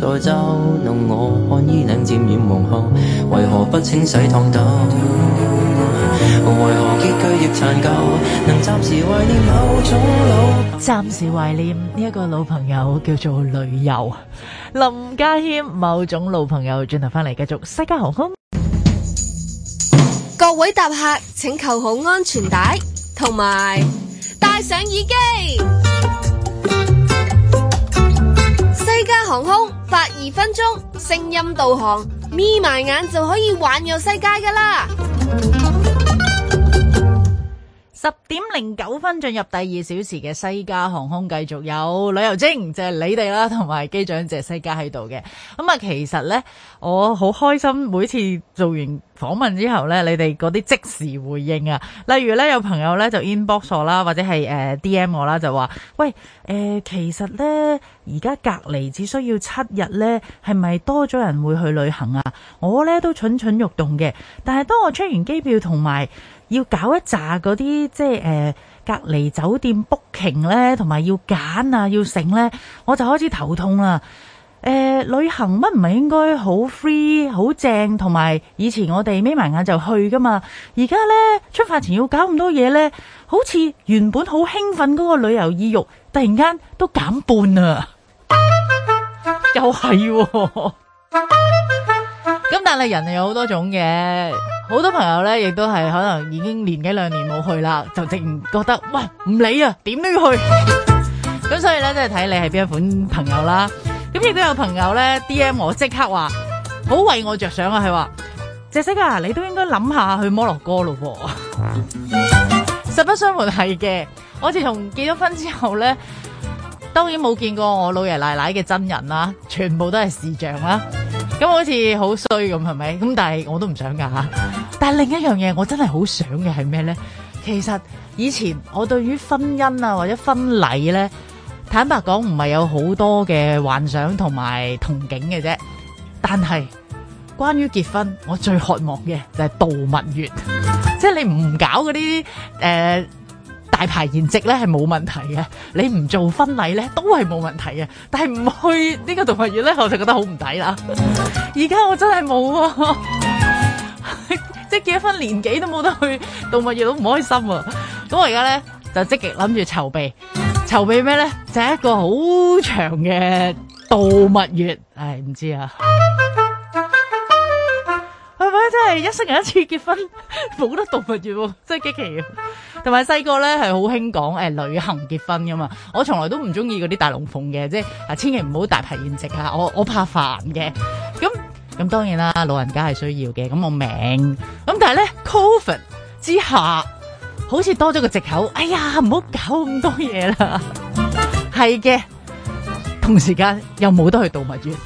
再嘲弄我看衣領沾染黃汗，為何不清洗熨斗？我為何結局亦殘舊？能暫時懷念某種老，暫時懷念呢一個老朋友叫做旅遊林家謙。某種老朋友轉頭翻嚟，繼續西加航空。各位搭客，請扣好安全帶，同埋戴上耳機。西加航空，八二分鐘聲音導航，眯埋眼就可以環遊世界噶啦。十點零九分進入第二小時嘅西加航空繼續有旅遊精，就係你哋啦，同埋機長謝西加喺度嘅。咁、呃、啊，其實呢，我好開心，每次做完訪問之後呢，你哋嗰啲即時回應啊，例如呢，有朋友呢就 inbox 啦，或者係誒 DM 我啦，就話喂誒，其實呢，而家隔離只需要七日呢，係咪多咗人會去旅行啊？我呢都蠢蠢欲動嘅，但係當我出完機票同埋。要搞一紮嗰啲即係誒、呃、隔離酒店 booking 咧，同埋要揀啊，要剩咧，我就開始頭痛啦。誒、呃，旅行乜唔係應該好 free 好正，同埋以前我哋眯埋眼就去噶嘛。而家咧，出發前要搞咁多嘢咧，好似原本好興奮嗰個旅遊意欲，突然間都減半啊！又係是、哦，咁 但係人係有好多種嘅。好多朋友咧，亦都係可能已經年幾兩年冇去啦，就直唔覺得，喂，唔理啊，點都要去。咁 所以咧，即係睇你係邊一款朋友啦。咁亦都有朋友咧 D M 我，即刻話，好為我着想啊！佢話 Jesse，啊，你都應該諗下去摩洛哥咯噃，啊。 實不相瞞係嘅，我自從結咗婚之後咧。當然冇見過我老爺奶奶嘅真人啦，全部都係視像啦。咁好似好衰咁，係咪？咁但係我都唔想㗎嚇。但係另一樣嘢，我真係好想嘅係咩呢？其實以前我對於婚姻啊或者婚禮呢，坦白講唔係有好多嘅幻想同埋憧憬嘅啫。但係關於結婚，我最渴望嘅就係度蜜月，即係你唔搞嗰啲誒。呃大牌筵席咧係冇問題嘅，你唔做婚禮咧都係冇問題嘅，但係唔去呢個動物園咧，我就覺得好唔抵啦。而家我真係冇喎， 即結婚年紀都冇得去動物園，都唔開心啊！咁我而家咧就積極諗住籌備籌備咩咧？就係、是、一個好長嘅度蜜月，唉唔知啊。係一生人一次結婚，冇得動物園，真係激奇。同埋細個咧係好興講誒旅行結婚噶嘛，我從來都唔中意嗰啲大龍鳳嘅，即係啊千祈唔好大排筵席啦，我我怕煩嘅。咁咁當然啦，老人家係需要嘅。咁我明。咁但係咧，Covid 之下，好似多咗個借口。哎呀，唔好搞咁多嘢啦。係嘅，同時間又冇得去動物園。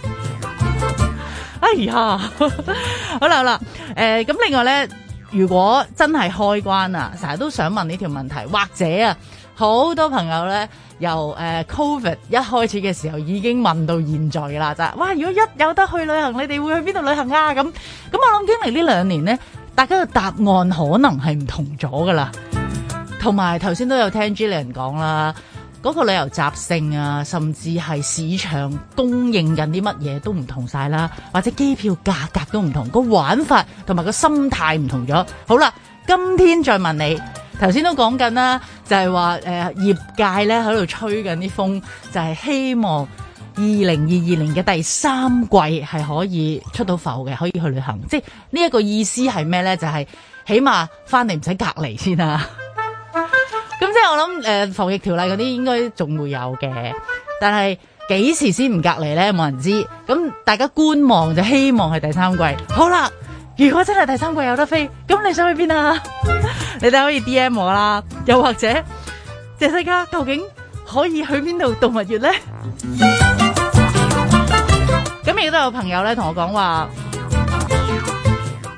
哎呀， 好啦好啦，誒、呃，咁另外咧，如果真係開關啊，成日都想問呢條問題，或者啊，好多朋友咧由誒、呃、Covid 一開始嘅時候已經問到現在噶啦，就係、是、哇，如果一有得去旅行，你哋會去邊度旅行啊？咁咁我諗，經歷呢兩年咧，大家嘅答案可能係唔同咗噶啦，同埋頭先都有聽 Jillian 講啦。嗰個旅遊習性啊，甚至係市場供應緊啲乜嘢都唔同晒啦，或者機票價格都唔同，個玩法同埋個心態唔同咗。好啦，今天再問你，頭先都講緊啦，就係話誒業界呢喺度吹緊啲風，就係希望二零二二年嘅第三季係可以出到埠嘅，可以去旅行。即係呢一個意思係咩呢？就係起碼翻嚟唔使隔離先啦！即係我諗，誒、呃，防疫條例嗰啲應該仲會有嘅，但係幾時先唔隔離咧？冇人知道。咁大家觀望就希望係第三季。好啦，如果真係第三季有得飛，咁你想去邊啊？你哋可以 DM 我啦，又或者，謝世嘉究竟可以去邊度度蜜月咧？咁亦都有朋友咧同我講話，誒、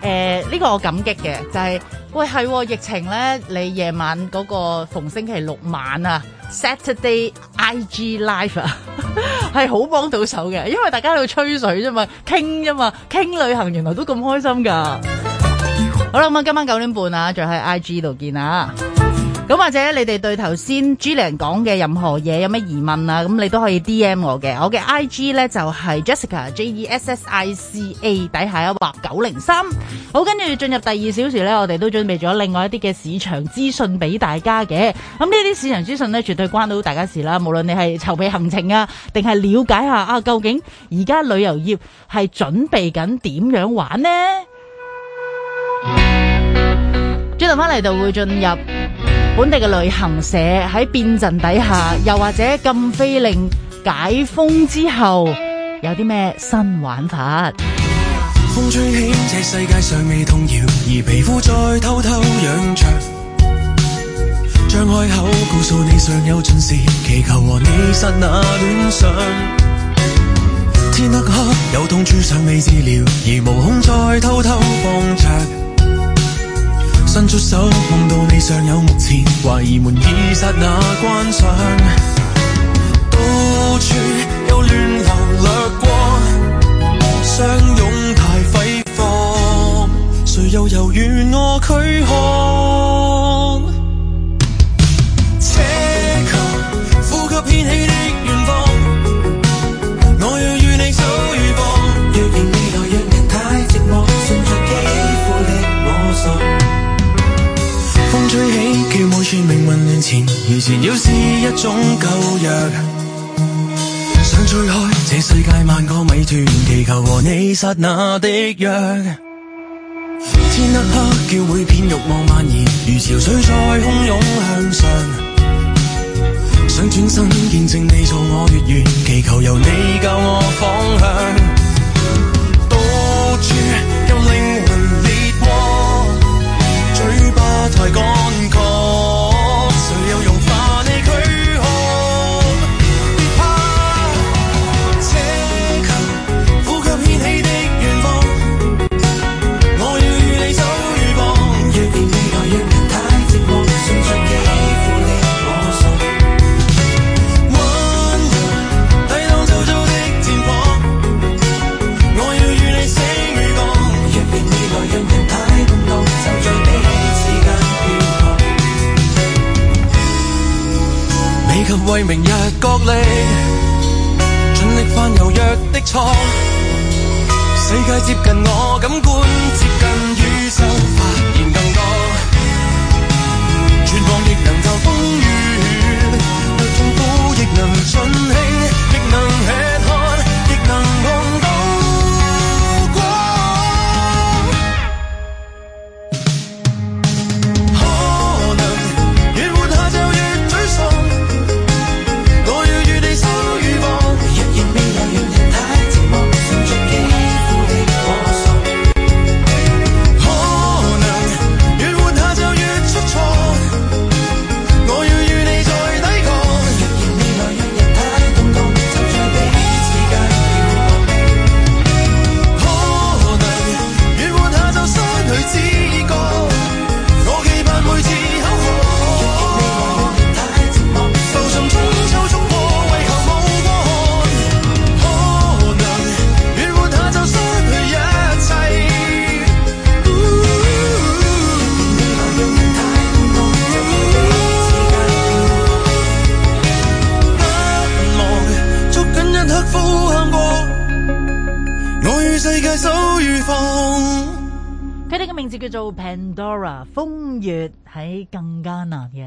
呃，呢、這個我感激嘅，就係、是。喂，係、哦、疫情咧，你夜晚嗰個逢星期六晚啊，Saturday IG Live 啊，係好幫到手嘅，因為大家喺度吹水啫嘛，傾啫嘛，傾旅行原來都咁開心噶。 好啦，咁啊，今晚九點半啊，就喺 IG 度見啊。咁或者你哋對頭先 Julian 講嘅任何嘢有咩疑問啊？咁你都可以 D M 我嘅，我嘅 I G 呢就係 Jessica J E S S I C A 底下一劃九零三。好，跟住進入第二小時呢，我哋都準備咗另外一啲嘅市場資訊俾大家嘅。咁呢啲市場資訊呢，絕對關到大家事啦。無論你係籌備行程啊，定係了解下啊，究竟而家旅遊業係準備緊點樣玩呢？轉頭翻嚟就會進入。本地嘅旅行社喺變陣底下，又或者禁飛令解封之後，有啲咩新玩法？伸出手碰到你尚有目前，懷疑門已剎那關上，到處有亂流掠過，相擁太揮霍，誰又柔軟我軀殼？以前，以前要試一種舊藥，想吹開這世界萬個迷團，祈求和你剎那的約。天黑黑，叫每片欲望蔓延，如潮水在洶湧向上。想轉身見證你做我月遠，祈求由你教我方向。到處有靈魂裂過，嘴巴太乾。為明日角力，盡力犯柔弱的錯。世界接近我感官，接近宇宙，發現更多。絕望亦能受風雨，對痛苦亦能盡興。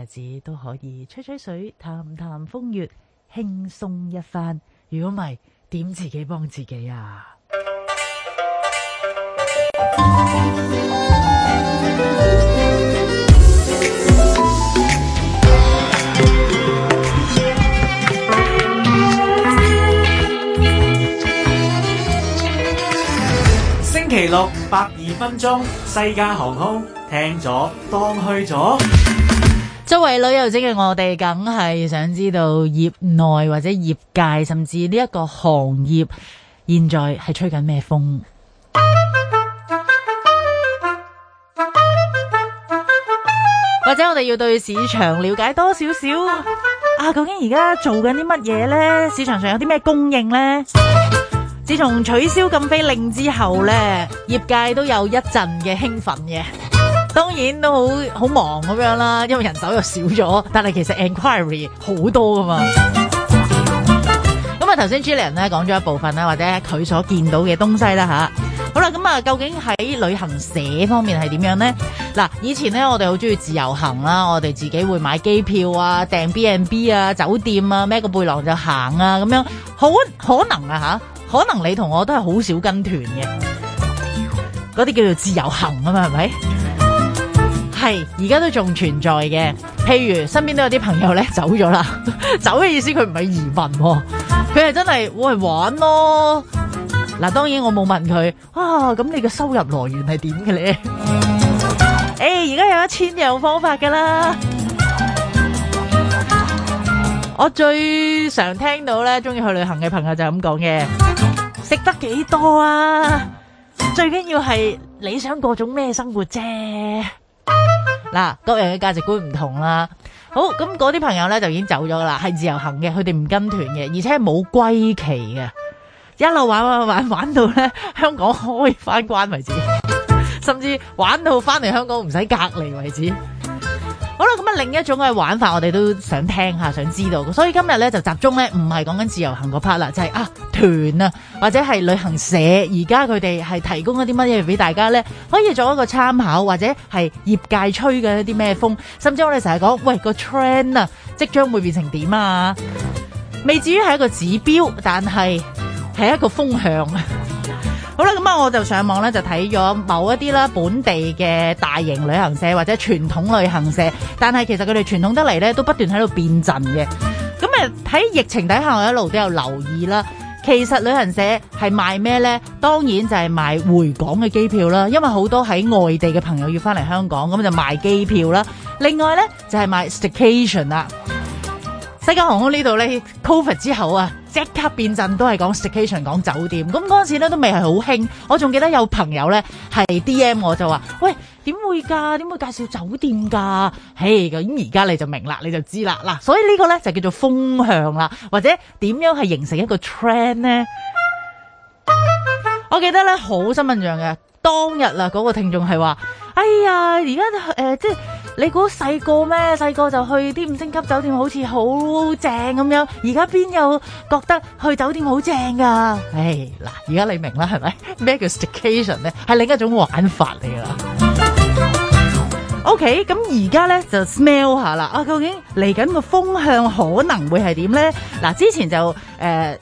日子都可以吹吹水、談談風月、輕鬆一番。如果唔係，點自己幫自己啊？星期六八二分鐘，西加航空聽咗當去咗。作為旅遊者嘅我哋，梗係想知道業內或者業界，甚至呢一個行業，現在係吹緊咩風？ 或者我哋要對市場了解多少少？啊，究竟而家做緊啲乜嘢呢？市場上有啲咩供應呢？自從取消禁飛令之後呢，業界都有一陣嘅興奮嘅。當然都好好忙咁樣啦，因為人手又少咗，但係其實 enquiry 好多噶嘛。咁啊，頭先 Julian 咧，講咗一部分啦，或者佢所見到嘅東西啦吓。好啦，咁、嗯、啊，究竟，喺旅行社方面係點樣咧？嗱，以前咧我哋好中意自由行啦，我哋自己會買機票啊，訂 B and B 啊、酒店啊、孭個背囊就行啊，咁樣好可能啊吓，可能你同我都係好少跟團嘅，嗰啲叫做自由行啊嘛，係咪？係而家都仲存在嘅，譬如身邊都有啲朋友咧走咗啦，走嘅意思佢唔係移民，佢係真係會去玩咯。嗱，當然我冇問佢啊，咁你嘅收入來源係點嘅咧？誒，而家有一千樣方法噶啦。我最常聽到咧，中意去旅行嘅朋友就咁講嘅，食得幾多啊？最緊要係你想過種咩生活啫。嗱，各人嘅價值觀唔同啦。好，咁嗰啲朋友呢，就已經走咗啦，係自由行嘅，佢哋唔跟團嘅，而且係冇歸期嘅，一路玩玩玩玩到呢，香港開翻關為止，甚至玩到翻嚟香港唔使隔離為止。好啦，咁啊，另一種嘅玩法，我哋都想聽下，想知道。所以今日咧就集中咧，唔係講緊自由行嗰 part 啦，就係、是、啊團啊，或者係旅行社，而家佢哋係提供一啲乜嘢俾大家咧，可以做一個參考，或者係業界吹嘅一啲咩風，甚至我哋成日講，喂個 trend 啊，tre 即將會變成點啊？未至於係一個指標，但係係一個風向。好啦，咁啊，我就上網咧就睇咗某一啲啦本地嘅大型旅行社或者傳統旅行社，但係其實佢哋傳統得嚟咧都不斷喺度變陣嘅。咁啊喺疫情底下，我一路都有留意啦。其實旅行社係賣咩咧？當然就係賣回港嘅機票啦，因為好多喺外地嘅朋友要翻嚟香港，咁就賣機票啦。另外咧就係、是、賣 Staycation 啦。西加航空呢度咧 COVID 之後啊。即刻變陣都係講 staycation 講酒店，咁嗰陣時咧都未係好興，我仲記得有朋友咧係 DM 我就話：喂，點會㗎？點會介紹酒店㗎？嘿，咁而家你就明啦，你就知啦。嗱，所以個呢個咧就叫做風向啦，或者點樣係形成一個 trend 咧？我記得咧好新聞樣嘅，當日啊嗰個聽眾係話：哎呀，而家誒即你估細個咩？細個就去啲五星級酒店，好似好正咁樣。而家邊有覺得去酒店好正噶？唉、哎，嗱，而家你明啦，係咪咩叫 staycation 咧？係另一種玩法嚟啦。OK，咁而家咧就 smell 下啦。啊，究竟嚟緊個風向可能會係點咧？嗱、啊，之前就誒。呃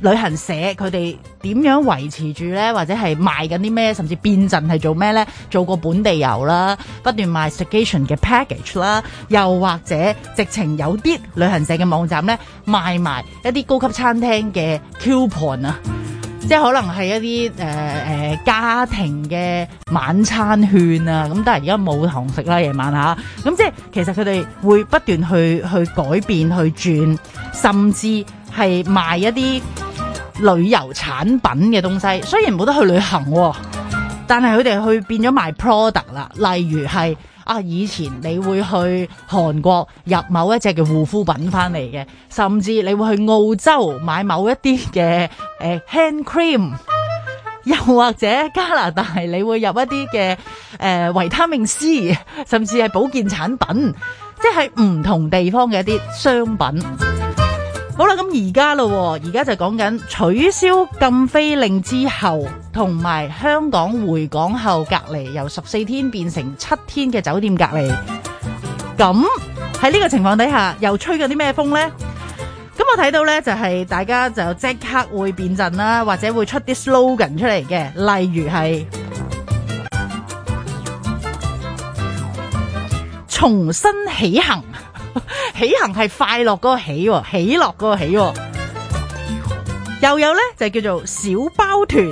旅行社佢哋點樣維持住咧，或者係賣緊啲咩，甚至變陣係做咩咧？做個本地遊啦，不斷賣 staycation 嘅 package 啦，又或者直情有啲旅行社嘅網站咧賣埋一啲高級餐廳嘅 coupon 啊，即係可能係一啲誒誒家庭嘅晚餐券啊，咁但係而家冇堂食啦，夜晚吓、啊，咁即係其實佢哋會不斷去去改變去轉，甚至係賣一啲。旅遊產品嘅東西，雖然冇得去旅行，但係佢哋去變咗賣 product 啦。例如係啊，以前你會去韓國入某一隻嘅護膚品翻嚟嘅，甚至你會去澳洲買某一啲嘅、呃、hand cream，又或者加拿大你會入一啲嘅誒維他命 C，甚至係保健產品，即係喺唔同地方嘅一啲商品。好啦，咁而家咯，而家就講緊取消禁飛令之後，同埋香港回港後隔離由十四天變成七天嘅酒店隔離。咁喺呢個情況底下，又吹緊啲咩風呢？咁我睇到呢，就係大家就即刻會變陣啦，或者會出啲 slogan 出嚟嘅，例如係重新起行。起行係快樂嗰個起、哦，喜樂嗰個喜，又有咧就叫做小包團，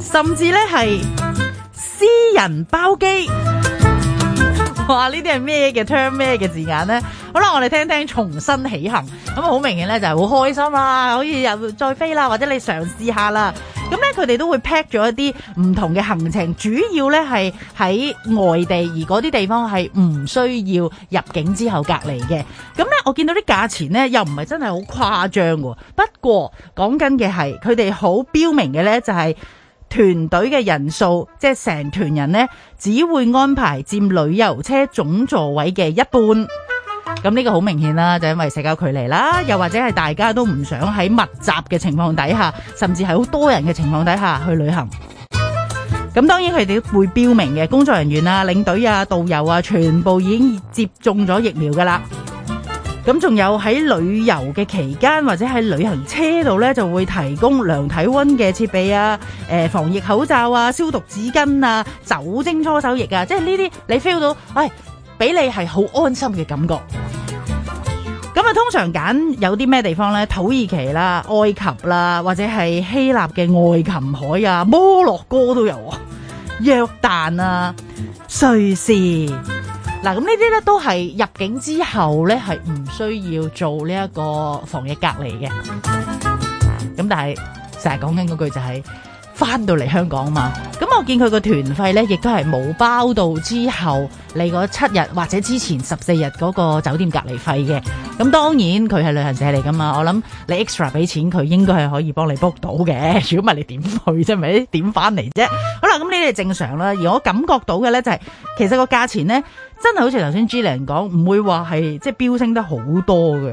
甚至咧係私人包機。哇！呢啲係咩嘅 term 咩嘅字眼咧？好啦，我哋聽聽重新起行咁啊，好明顯咧就係好開心啦，可以又再飛啦，或者你嘗試下啦。咁咧佢哋都會 pack 咗一啲唔同嘅行程，主要咧係喺外地，而嗰啲地方係唔需要入境之後隔離嘅。咁咧我見到啲價錢咧又唔係真係好誇張喎。不過講緊嘅係佢哋好標明嘅咧，就係團隊嘅人數，即係成團人呢，只會安排佔旅遊車總座位嘅一半。咁呢個好明顯啦，就因為社交距離啦，又或者係大家都唔想喺密集嘅情況底下，甚至係好多人嘅情況底下去旅行。咁當然佢哋會標明嘅工作人員啊、領隊啊、導遊啊，全部已經接種咗疫苗噶啦。咁仲有喺旅遊嘅期間或者喺旅行車度呢，就會提供量體溫嘅設備啊、誒、呃、防疫口罩啊、消毒紙巾啊、酒精搓手液啊，即係呢啲你 feel 到，誒、哎。俾你係好安心嘅感覺，咁啊通常揀有啲咩地方咧？土耳其啦、埃及啦，或者係希臘嘅愛琴海啊、摩洛哥都有啊，約旦啊、瑞士。嗱咁呢啲咧都係入境之後咧係唔需要做呢一個防疫隔離嘅。咁但係成日講緊嗰句就係、是。翻到嚟香港啊嘛，咁我見佢個團費咧，亦都係冇包到之後嚟嗰七日或者之前十四日嗰個酒店隔離費嘅。咁當然佢係旅行社嚟噶嘛，我諗你 extra 俾錢，佢應該係可以幫你 book 到嘅。如果唔係你點去啫？咪點翻嚟啫？好啦，咁呢啲正常啦。而我感覺到嘅咧就係、是，其實個價錢咧真係好似頭先 G Lady 講，唔會話係即係飆升得好多嘅。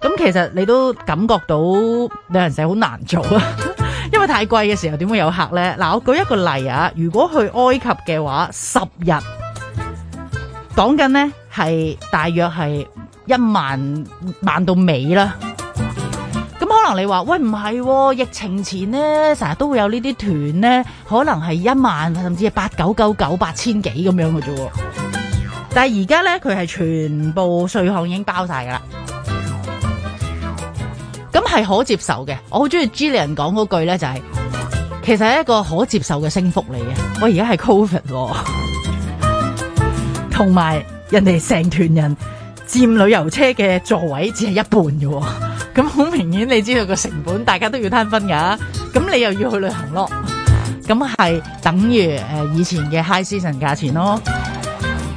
咁其實你都感覺到旅行社好難做啊。 因為太貴嘅時候點會有客咧？嗱，我舉一個例啊，如果去埃及嘅話，十日講緊咧係大約係一萬萬到尾啦。咁可能你話喂，唔係喎？疫情前咧成日都會有這些呢啲團咧，可能係一萬甚至係八九九九八千幾咁樣嘅啫。但係而家咧佢係全部稅項已經包晒噶啦。咁係可接受嘅，我好中意 Jillian 講嗰句咧、就是，就係其實係一個可接受嘅升幅嚟嘅。我而家係 Covid，同埋人哋成團人佔旅遊車嘅座位只係一半嘅，咁好明顯你知道個成本大家都要攤分噶，咁你又要去旅行咯，咁係等於誒以前嘅 High Season 價錢咯。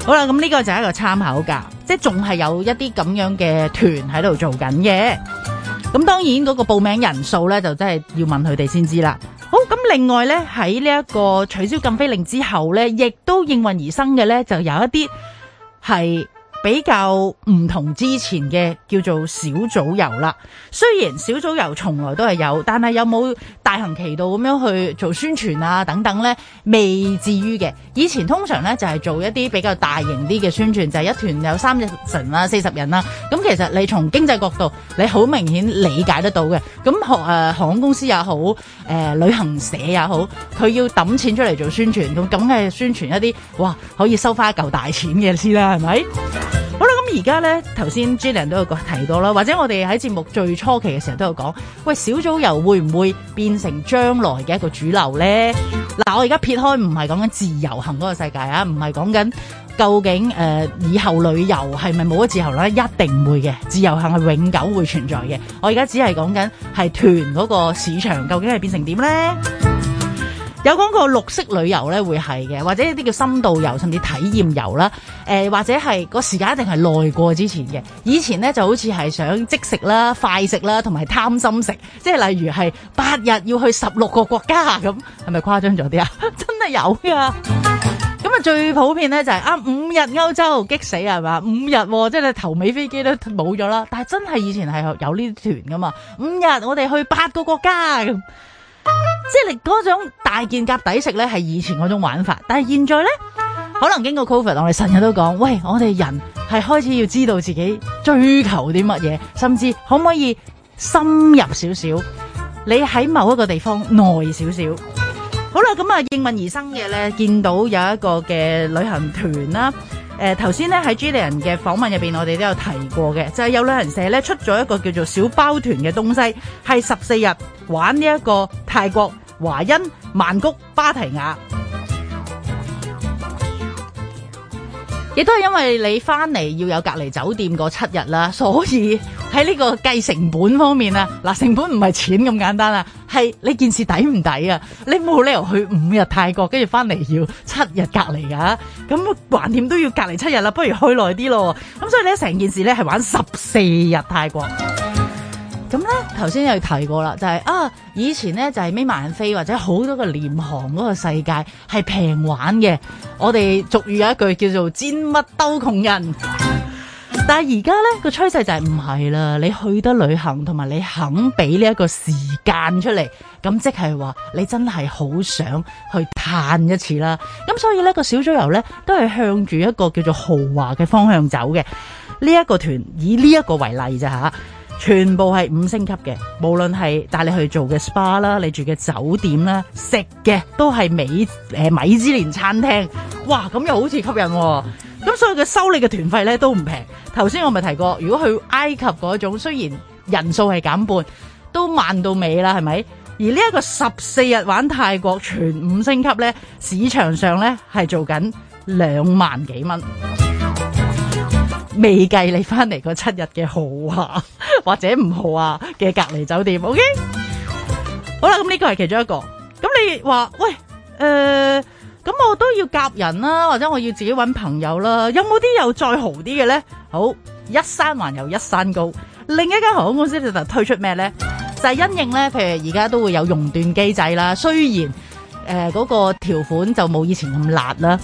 好啦，咁呢個就係一個參考價，即係仲係有一啲咁樣嘅團喺度做緊嘅。咁當然嗰個報名人數咧，就真係要問佢哋先知啦。好，咁另外咧，喺呢一個取消禁飛令之後咧，亦都應運而生嘅咧，就有一啲係。比較唔同之前嘅叫做小組遊啦。雖然小組遊從來都係有，但係有冇大行其道咁樣去做宣傳啊等等呢？未至於嘅。以前通常呢，就係做一啲比較大型啲嘅宣傳，就係、是、一團有三十人啦、四十人啦。咁其實你從經濟角度，你好明顯理解得到嘅。咁學、呃、航空公司也好，誒、呃、旅行社也好，佢要揼錢出嚟做宣傳，咁咁嘅宣傳一啲，哇可以收翻一嚿大錢嘅先啦，係咪？好啦，咁而家呢頭先 Jillian 都有提到啦，或者我哋喺節目最初期嘅時候都有講，「喂，小組遊會唔會變成將來嘅一個主流呢？嗱，我而家撇開唔係講緊自由行嗰個世界啊，唔係講緊究竟誒、呃、以後旅遊係咪冇咗自由啦？一定會嘅，自由行係永久會存在嘅。我而家只係講緊係團嗰個市場究竟係變成點呢？」有講過綠色旅遊呢會係嘅，或者一啲叫深度遊甚至體驗遊啦，誒、呃、或者係、嗰個時間一定係耐過之前嘅。以前呢就好似係想即食啦、快食啦，同埋貪心食，即係例如係八日要去十六個國家咁，係咪誇張咗啲啊？ 真係有噶，咁啊最普遍呢就係、係、啊五日歐洲，激死係嘛？五日，啊、即係你頭尾飛機都冇咗啦，但係真係以前係有呢啲團噶嘛？五日我哋去八個國家咁。即係你嗰種大件夾抵食咧，係以前嗰種玩法。但係現在咧，可能經過 COVID，我哋成日都講，喂，我哋人係開始要知道自己追求啲乜嘢，甚至可唔可以深入少少？你喺某一個地方耐少少。好啦，咁啊應運而生嘅，咧，見到有一個嘅旅行團啦。誒頭先咧喺朱麗人嘅訪問入邊，我哋都有提過嘅，就係、是、有旅行社咧出咗一個叫做小包團嘅東西，係十四日玩呢一個泰國華欣、曼谷巴、芭提雅。亦都係因為你翻嚟要有隔離酒店嗰七日啦，所以喺呢個計成本方面啊，嗱成本唔係錢咁簡單啊，係你件事抵唔抵啊？你冇理由去五日泰國，跟住翻嚟要七日隔離噶，咁橫掂都要隔離七日啦，不如去耐啲咯。咁所以咧成件事咧係玩十四日泰國。咁咧，頭先又提過啦，就係、是、啊，以前咧就係咩漫飛或者好多個廉航嗰個世界係平玩嘅。我哋俗語有一句叫做「賤物鬥窮人」，但係而家咧個趨勢就係唔係啦。你去得旅行同埋你肯俾呢一個時間出嚟，咁即係話你真係好想去嘆一次啦。咁所以呢、那個小組遊咧都係向住一個叫做豪華嘅方向走嘅。呢、這、一個團以呢一個為例啫嚇。全部係五星級嘅，無論係帶你去做嘅 SPA 啦，你住嘅酒店啦，食嘅都係美誒米芝蓮餐廳，哇！咁又好似吸引喎、哦。咁所以佢收你嘅團費呢都唔平。頭先我咪提過，如果去埃及嗰種，雖然人數係減半，都慢到尾啦，係咪？而呢一個十四日玩泰國全五星級呢，市場上呢係做緊兩萬幾蚊。未計你翻嚟個七日嘅豪華啊，或者唔豪啊嘅隔離酒店，OK？好啦，咁呢個係其中一個。咁你話喂，誒、呃，咁我都要夾人啦，或者我要自己揾朋友啦。有冇啲又再豪啲嘅咧？好，一山還有一山高。另一間航空公司咧就推出咩咧？就係、是、因應咧，譬如而家都會有熔斷機制啦。雖然誒嗰、呃那個條款就冇以前咁辣啦，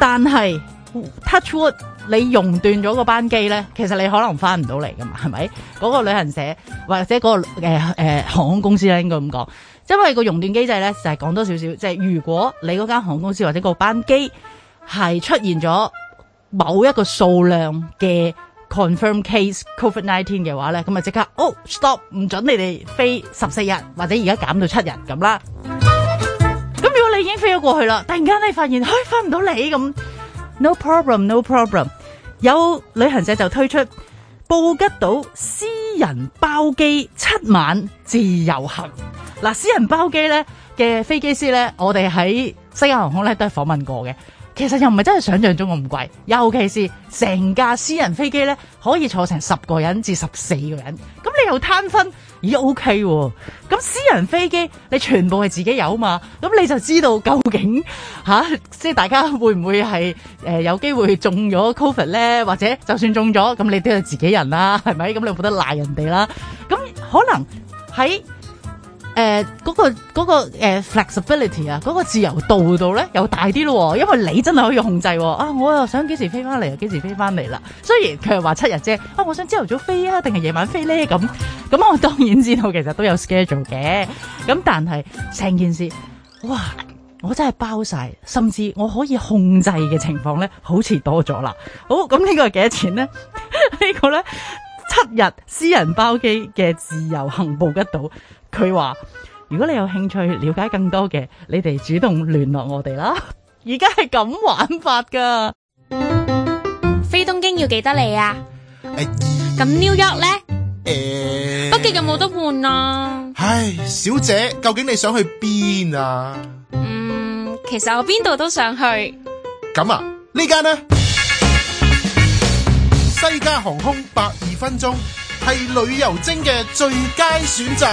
但係 Touchwood。呃 Touch wood，你熔斷咗個班機咧，其實你可能翻唔到嚟㗎嘛，係咪？嗰個旅行社或者嗰個呃呃、航空公司咧，應該咁講，因為個熔斷機制咧就係講多少少，即係如果你嗰間航空公司或者個班機係出現咗某一個數量嘅 confirmed case COVID-19 嘅話咧，咁啊即刻哦 stop，唔準你哋飛十四日，或者而家減到七日咁啦。咁如果你已經飛咗過去啦，突然間你發現，唉，翻唔到你咁，no problem，no problem。有旅行社就推出布吉島私人包機七晚自由行。嗱，私人包機咧嘅飛機師呢，我哋喺西加航空都係訪問過嘅，其實又唔係真係想象中咁貴，尤其是成架私人飛機呢，可以坐成十個人至十四個人，咁你又攤分。咦、哎、OK 喎、啊，咁私人飛機你全部係自己有嘛？咁你就知道究竟吓，即、啊、大家會唔會係誒、呃、有機會中咗 COVID 咧？或者就算中咗，咁你都係自己人啦、啊，係咪？咁你冇得賴人哋啦、啊。咁可能喺誒嗰個嗰個 flexibility 啊，嗰、那個呃、個自由度度咧又大啲咯，因為你真係可以控制啊！啊我又想幾時飛翻嚟啊？幾時飛翻嚟啦？雖然佢係話七日啫，啊，我想朝頭早飛啊，定係夜晚飛咧咁。咁我當然知道其實都有 schedule 嘅，咁但係成件事，哇！我真係包晒，甚至我可以控制嘅情況咧，好似多咗啦。好，咁呢個係幾多錢呢？ 個呢個咧七日私人包機嘅自由行報得到。佢話如果你有興趣了解更多嘅，你哋主動聯絡我哋啦。而家係咁玩法噶，飛東京要記得嚟啊？咁、哎、New York 咧？北極有冇得換啊！唉，小姐，究竟你想去邊啊？嗯，其實我邊度都想去。咁啊，呢間呢，西加 航空百二分鐘係旅遊精嘅最佳選擇，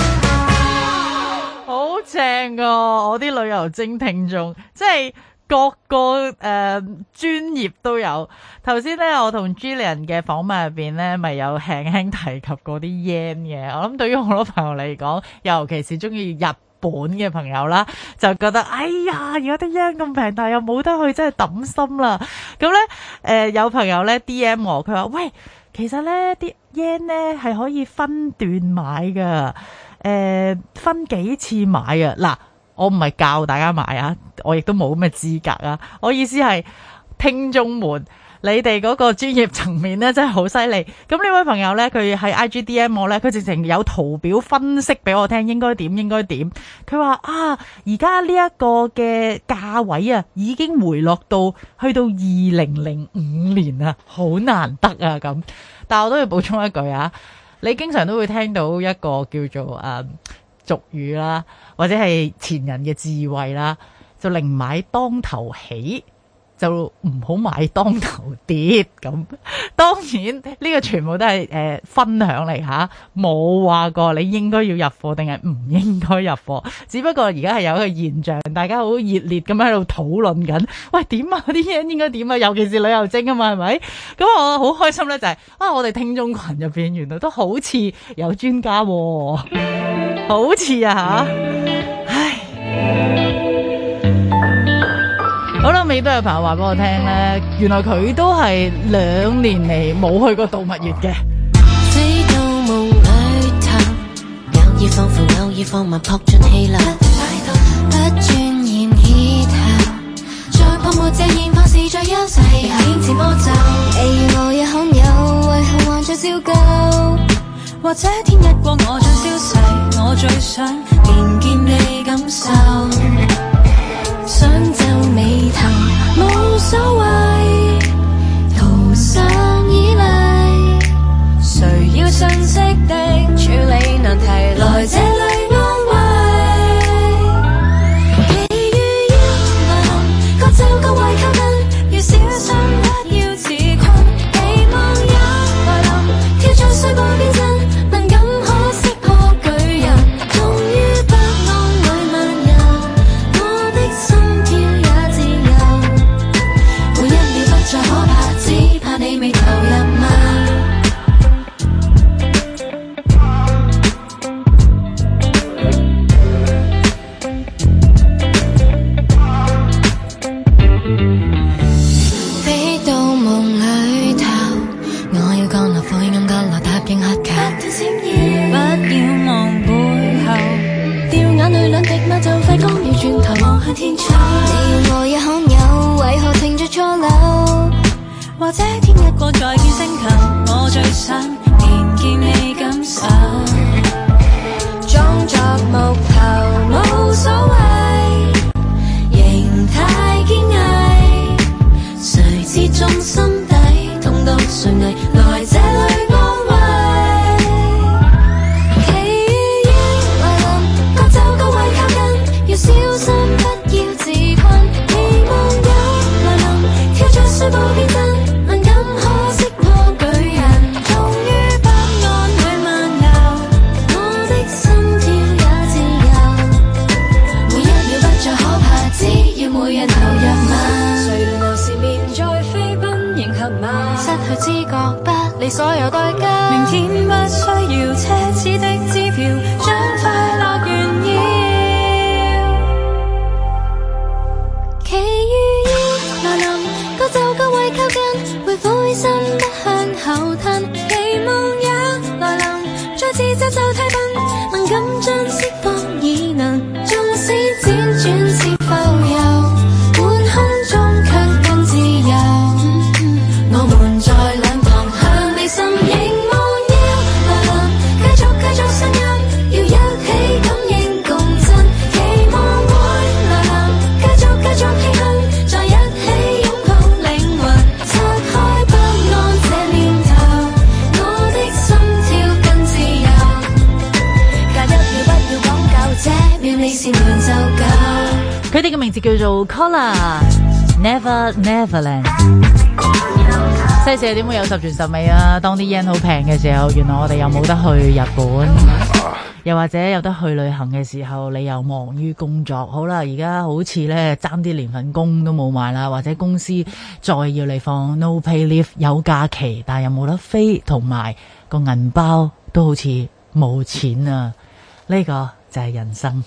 好正啊！我啲旅遊精聽眾，即係。各個誒、呃、專業都有。頭先咧，我同 Gillian 嘅訪問入面咧，咪有輕輕提及嗰啲円嘅。我諗對於好多朋友嚟講，尤其是中意日本嘅朋友啦，就覺得哎呀，而家啲円咁平，但係又冇得去，真係抌心啦。咁咧，誒、呃、有朋友咧 DM 我，佢話：喂，其實咧啲円呢咧係可以分段買㗎，誒、呃、分幾次買啊嗱。我唔係教大家買啊！我亦都冇咩資格啊！我意思係聽眾們，你哋嗰個專業層面咧真係好犀利。咁呢位朋友呢，佢喺 IGDM 我呢，佢直情有圖表分析俾我聽，應該點應該點？佢話啊，而家呢一個嘅價位啊，已經回落到去到二零零五年啊，好難得啊咁。但係我都要補充一句啊，你經常都會聽到一個叫做誒。Uh, 俗語啦，或者係前人嘅智慧啦，就寧買當頭起。就唔好買當頭跌咁。當然呢、這個全部都係誒、呃、分享嚟吓，冇話過你應該要入貨定係唔應該入貨。只不過而家係有一個現象，大家好熱烈咁喺度討論緊。喂點啊？啲嘢應該點啊？尤其是旅遊精啊嘛，係咪？咁我好開心咧、就係，就係啊，我哋聽眾群入面，原來都好似有專家喎、啊，好似啊，唉。好啦，尾都有朋友話俾我聽咧，原來佢都係兩年嚟冇去過動物園嘅。夾住實未啊！當啲 yen 好平嘅時候，原來我哋又冇得去日本係咪？又或者有得去旅行嘅時候，你又忙於工作。好啦，而家好似呢，爭啲連份工都冇埋啦，或者公司再要你放 no pay leave 有假期，但係又冇得飛，同埋個銀包都好似冇錢啊！呢個就係人生。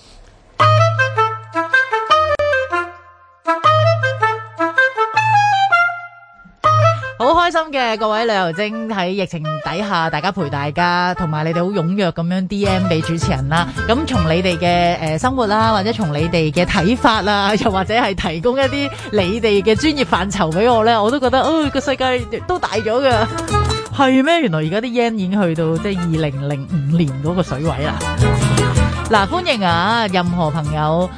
開心嘅各位旅遊精，喺疫情底下，大家陪大家，同埋你哋好踊躍咁樣 DM 俾主持人啦。咁從你哋嘅，誒生活啦，或者從你哋嘅睇法啦，又或者係提供一啲你哋嘅專業範疇俾我咧，我都覺得誒個、哎，世界都大咗噶係咩？原來而家啲 yen 已經去到即係二零零五年嗰個水位啦。嗱，歡迎啊，任何朋友。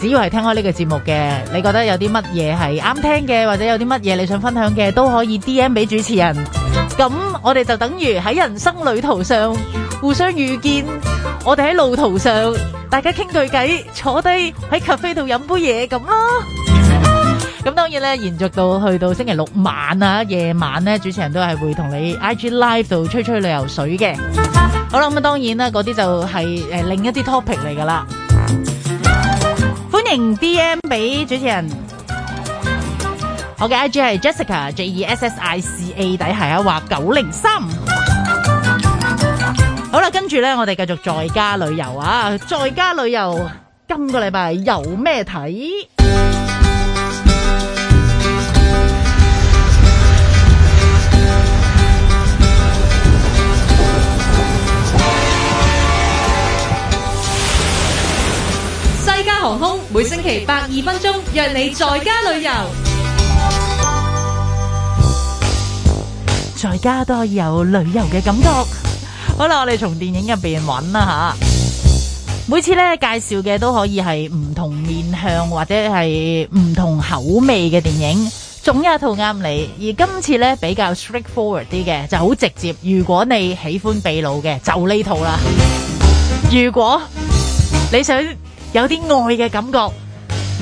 只要係聽開呢個節目嘅，你覺得有啲乜嘢係啱聽嘅，或者有啲乜嘢你想分享嘅，都可以 DM 俾主持人。咁我哋就等於喺人生旅途上互相遇見，我哋喺路途上大家傾句偈，坐低喺 cafe 度飲杯嘢咁咯。咁當然咧，延續到去到星期六晚啊夜晚咧，主持人都係會同你 IG live 度吹吹旅遊水嘅。好啦，咁啊當然啦，嗰啲就係誒另一啲 topic 嚟噶啦。D M 俾主持人，我嘅 I G 係 Jessica J E S S I C A，底下啊話九零三，好啦，跟住咧我哋繼續在家旅遊啊，在家旅遊，今個禮拜有咩睇？航空每星期百二分鐘，約你在家旅遊，在家都可以有旅遊嘅感覺。好啦，我哋從電影入邊揾啦吓。每次咧介紹嘅都可以係唔同面向或者係唔同口味嘅電影，總有一套啱你。而今次咧比較 straightforward 啲嘅，就好直接。如果你喜歡秘魯嘅，就呢套啦。如果你想，有啲愛嘅感覺，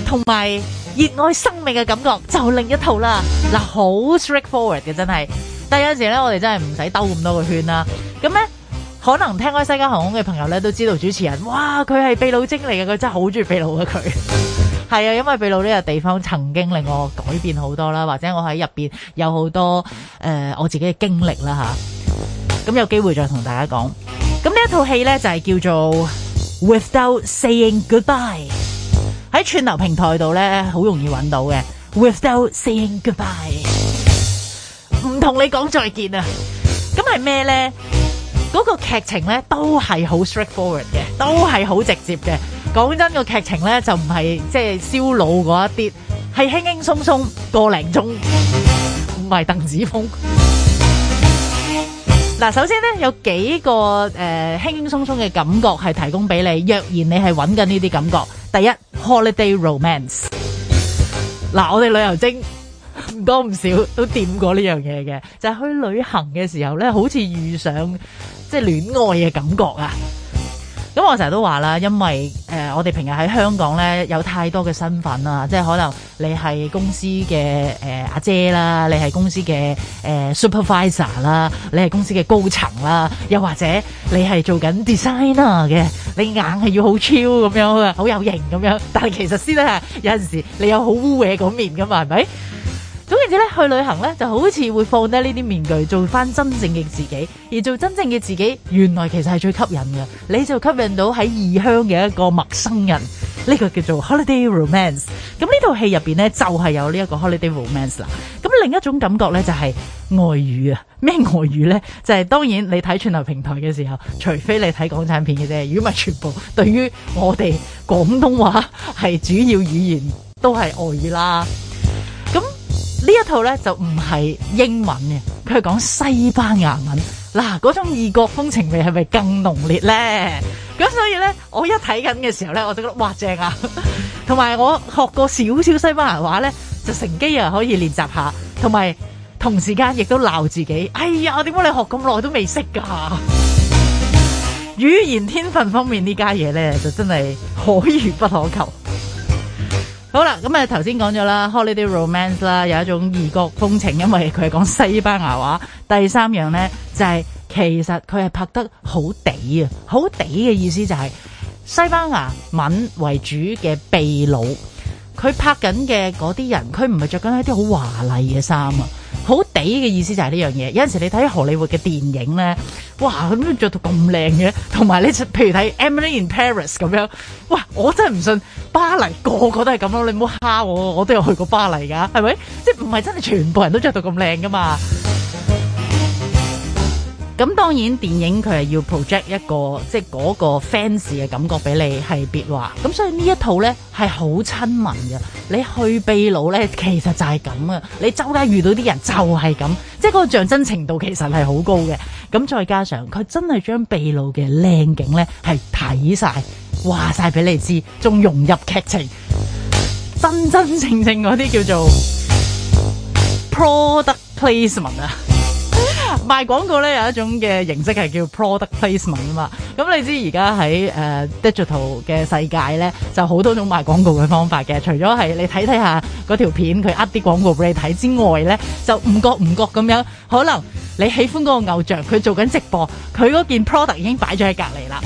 同埋熱愛生命嘅感覺，就另一套啦。嗱，好 straightforward 嘅真係。但係有陣時咧，我哋真係唔使兜咁多個圈啦。咁咧，可能聽開西加航空嘅朋友咧，都知道主持人，哇，佢係秘魯精嚟嘅，佢真係好中意秘魯嘅佢。係 啊，因為秘魯呢個地方曾經令我改變好多啦，或者我喺入邊有好多誒、呃、我自己嘅經歷啦吓。咁、啊、有機會再同大家講。咁呢一套戲咧就係、是、叫做。Without saying goodbye，喺串流平台度咧，好容易揾到嘅。Without saying goodbye，唔同你講再見啊！咁係咩咧？嗰個劇情咧都係好 straightforward 嘅，都係好直接嘅。講真個劇情咧就唔係即係燒腦嗰一啲，係輕輕鬆鬆個零鐘，唔係鄧梓峰。嗱，首先咧有幾個誒輕輕鬆鬆嘅感覺係提供俾你。若然你係揾緊呢啲感覺，第一 holiday romance。嗱， 我哋旅遊精唔多唔少都掂過呢樣嘢嘅，就係、是、去旅行嘅時候咧，好似遇上即係戀愛嘅感覺啊！咁我成日都話啦，因為誒、呃、我哋平日喺香港咧有太多嘅身份啦，即係可能你係公司嘅誒阿姐啦，你係公司嘅誒、呃、supervisor 啦，你係公司嘅高層啦，又或者你係做緊 designer 嘅，你硬係要好超咁樣啊，好有型咁樣，但係其實先得係有陣時你有好污嘢嗰面噶嘛，係咪？總言之咧，去旅行咧就好似會放低呢啲面具，做翻真正嘅自己，而做真正嘅自己，原來其實係最吸引嘅。你就吸引到喺異鄉嘅一個陌生人，呢個叫做 Holiday Romance。咁呢套戲入邊呢，就係有呢一個 Holiday Romance 啦。咁另一種感覺呢，就係外語啊。咩外語呢？就係當然你睇串流平台嘅時候，除非你睇港產片嘅啫。如果唔係全部，對於我哋廣東話係主要語言，都係外語啦。呢一套咧就唔係英文嘅，佢係講西班牙文。嗱，嗰種異國風情味係咪更濃烈咧？咁所以咧，我一睇緊嘅時候咧，我就覺得哇正啊！同 埋我學過少少西班牙話咧，就乘機又可以練習下，同埋同時間亦都鬧自己。哎呀，我點解你學咁耐都未識噶？ 語言天分方面呢家嘢咧，就真係可遇不可求。好啦，咁啊頭先講咗啦，Holiday Romance 啦，有一種異國風情，因為佢係講西班牙話。第三樣咧就係、是，其實佢係拍得好地啊，好地嘅意思就係西班牙文為主嘅秘魯，佢拍緊嘅嗰啲人，佢唔係着緊一啲好華麗嘅衫啊。好啲嘅意思就係呢樣嘢，有陣時候你睇荷里活嘅電影咧，哇咁着到咁靚嘅，同埋你譬如睇《Emily in Paris》咁樣，哇！我真係唔信巴黎個個都係咁咯，你唔好蝦我，我都有去過巴黎㗎，係咪？即係唔係真係全部人都着到咁靚㗎嘛？咁當然電影佢係要 project 一個，即係嗰個 fans 嘅感覺俾你係別話，咁所以呢一套咧係好親民嘅。你去秘魯咧，其實就係咁啊！你周街遇到啲人就係咁，即係嗰個像真程度其實係好高嘅。咁再加上佢真係將秘魯嘅靚景咧係睇晒，話晒俾你知，仲融入劇情，真真正正嗰啲叫做 product placement 啊！賣廣告呢有一種嘅形式係叫 product placement 啊嘛，咁你知而家喺 digital 嘅世界呢，就好多種賣廣告嘅方法嘅。除咗係你睇睇下嗰條片，佢呃啲廣告俾你睇之外呢，就唔覺唔覺咁樣，可能你喜歡嗰個偶像，佢做緊直播，佢嗰件 product 已經擺咗喺隔離啦。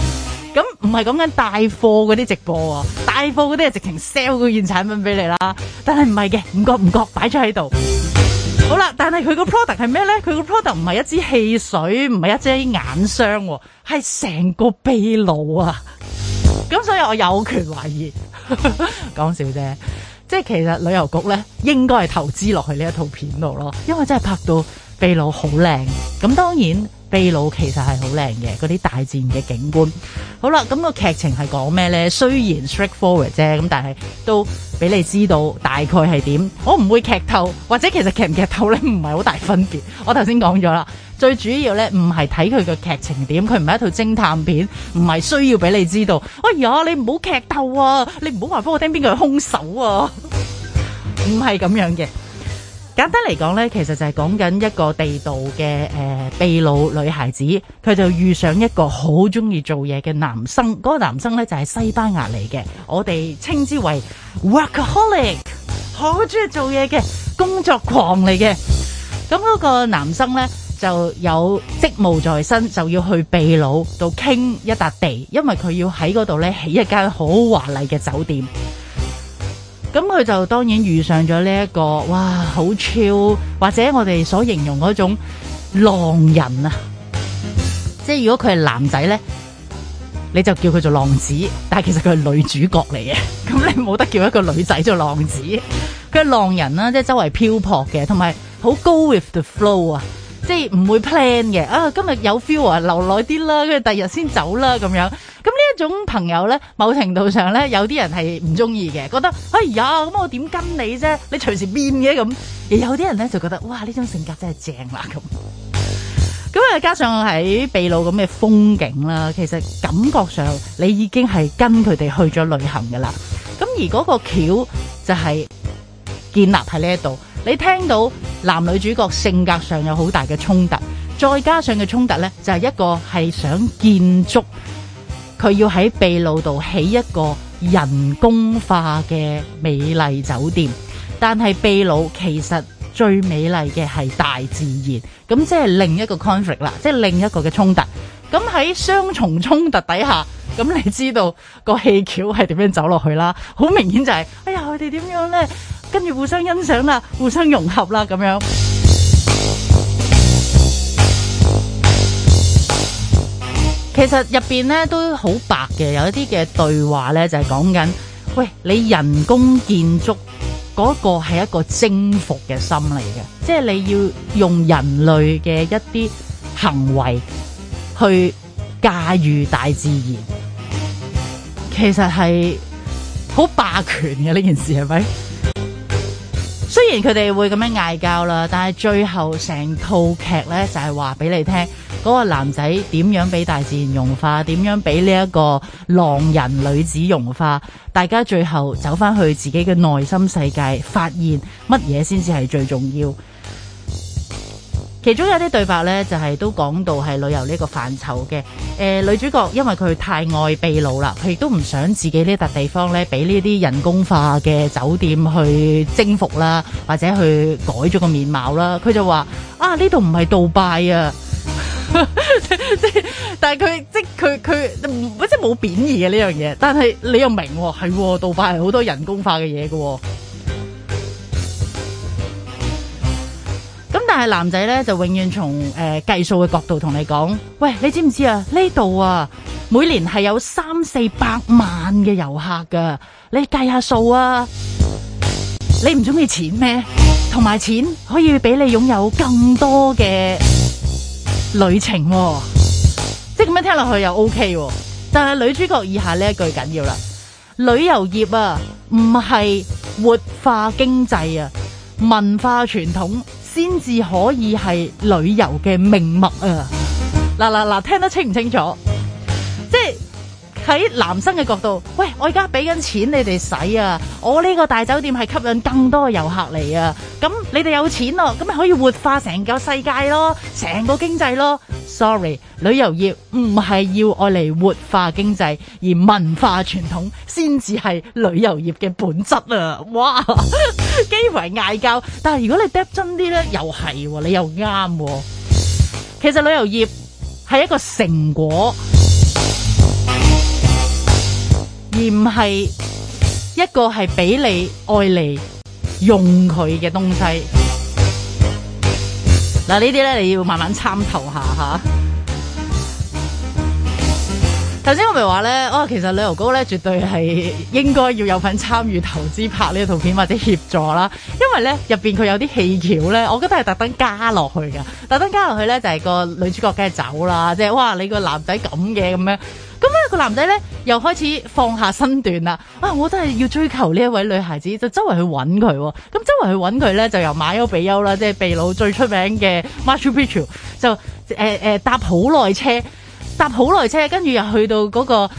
咁唔係講緊帶貨嗰啲直播喎，帶貨嗰啲係直情 sell 嗰件產品俾你啦。但係唔係嘅，唔覺唔覺擺咗喺度。好啦，但係佢個 product 係咩咧？佢個 product 唔係一支汽水，唔係一支眼霜，係成個秘魯啊！咁所以我有權懷疑，講笑啫。即係其實旅遊局咧，應該係投資落去呢一套片度咯，因為真係拍到。秘魯好靚，咁當然秘魯其實係好靚嘅，嗰啲大自然嘅景觀。好啦，咁個劇情係講咩咧？雖然 straightforward 啫，咁但係都俾你知道大概係點。我唔會劇透，或者其實劇唔劇透咧，唔係好大分別。我頭先講咗啦，最主要咧唔係睇佢個劇情點，佢唔係一套偵探片，唔係需要俾你知道。哎呀，你唔好劇透啊！你唔好話俾我聽邊個係兇手啊！唔係咁樣嘅。簡單嚟講呢，其實就係講緊一個地道嘅誒、秘魯女孩子，佢就遇上一個好中意做嘢嘅男生。嗰個男生呢，就係西班牙嚟嘅，我哋稱之為 workaholic，好中意做嘢嘅工作狂嚟嘅。咁嗰個男生呢，就有職務在身，就要去秘魯度傾一笪地，因為佢要喺嗰度呢起一間好華麗嘅酒店。咁佢就當然遇上咗呢一個，哇！好超或者我哋所形容嗰種浪人啊，即係如果佢係男仔咧，你就叫佢做浪子，但係其實佢係女主角嚟嘅，咁你冇得叫一個女仔做浪子，佢係浪人啦，啊，即係周圍漂泊嘅，同埋好 go with the flow 啊！即係唔會 plan 嘅，啊今日有 feel 啊，留耐啲啦，跟住第二日先走啦咁樣。咁呢一種朋友咧，某程度上咧，有啲人係唔中意嘅，覺得哎呀，咁我點跟你啫？你隨時變嘅咁。而有啲人咧就覺得，哇，呢種性格真係正啦咁。咁啊，加上喺秘魯咁嘅風景啦，其實感覺上你已經係跟佢哋去咗旅行噶啦。咁而嗰個橋就係建立喺呢一度。你聽到男女主角性格上有好大嘅衝突，再加上嘅衝突呢，就係、是、一個係想建築佢要喺秘魯度起一個人工化嘅美麗酒店，但係秘魯其實最美麗嘅係大自然，咁即係另一個 conflict 啦，即係另一個嘅衝突。咁喺雙重衝突底下，咁你知道個戲橋係點樣走落去啦？好明顯就係、是，「哎呀，佢哋點樣呢？」跟住互相欣賞啦，互相融合啦，咁樣。其實入邊咧都好白嘅，有一啲嘅對話咧就係講緊，喂，你人工建築嗰個係一個徵服嘅心理嘅，即係你要用人類嘅一啲行為去駕馭大自然，其實係好霸權嘅呢件事係咪？雖然佢哋會咁樣嗌交啦但係最後成套劇呢，就係話俾你聽，嗰個男仔點樣俾大自然融化，點樣俾呢一個狼人女子融化，大家最後走翻去自己嘅內心世界，發現乜嘢先至係最重要。其中有啲對白咧，就係、是、都講到係旅遊呢個範疇嘅。誒、呃、女主角因為佢太愛秘魯啦，佢亦都唔想自己呢笪地方咧，俾呢啲人工化嘅酒店去征服啦，或者去改咗個面貌啦。佢就話：啊呢度唔係杜拜啊！即 係但係佢即係佢佢，即係冇貶義嘅呢樣嘢。但係你又明係、哦哦、杜拜係好多人工化嘅嘢㗎。但係男仔咧就永遠從誒計數嘅角度同你講，喂，你知唔知啊？呢度啊，每年係有三四百萬嘅遊客噶，你計下數啊！你唔中意錢咩？同埋錢可以俾你擁有更多嘅旅程喎，即係咁樣聽落去又 OK 喎。但係女主角以下呢一句緊要啦，旅遊業啊唔係活化經濟啊，文化傳統先至可以係旅遊嘅命脈啊！嗱嗱嗱，聽得清唔清楚？喺男生嘅角度，喂，我而家俾緊錢你哋使啊！我呢個大酒店係吸引更多遊客嚟啊！咁你哋有錢咯，咁咪可以活化成個世界咯，成個經濟咯。Sorry，旅遊業唔係要我嚟活化經濟，而文化傳統先至係旅遊業嘅本質啊！哇，幾乎係嗌交，但係如果你 depth 真啲咧，又係、哦、你又啱、哦。其實旅遊業係一個成果。而唔係一個係俾你愛你用佢嘅東西嗱，呢啲咧，你要慢慢參透下吓。頭先 我咪話咧，哦，其實旅遊哥咧絕對係應該要有份參與投資拍呢個圖片或者協助啦，因為咧入邊佢有啲戲橋咧，我覺得係特登加落去嘅，特登加落去咧就係、是、個女主角梗係走啦，即係哇你個男仔咁嘅咁樣的。咁啊個男仔咧又開始放下身段啦啊！我真係要追求呢一位女孩子，就周圍去揾佢喎。咁周圍去揾佢咧，就由馬丘比丘啦，即係秘魯最出名嘅馬丘比丘，就誒誒搭好耐車，搭好耐車，跟住又去到嗰個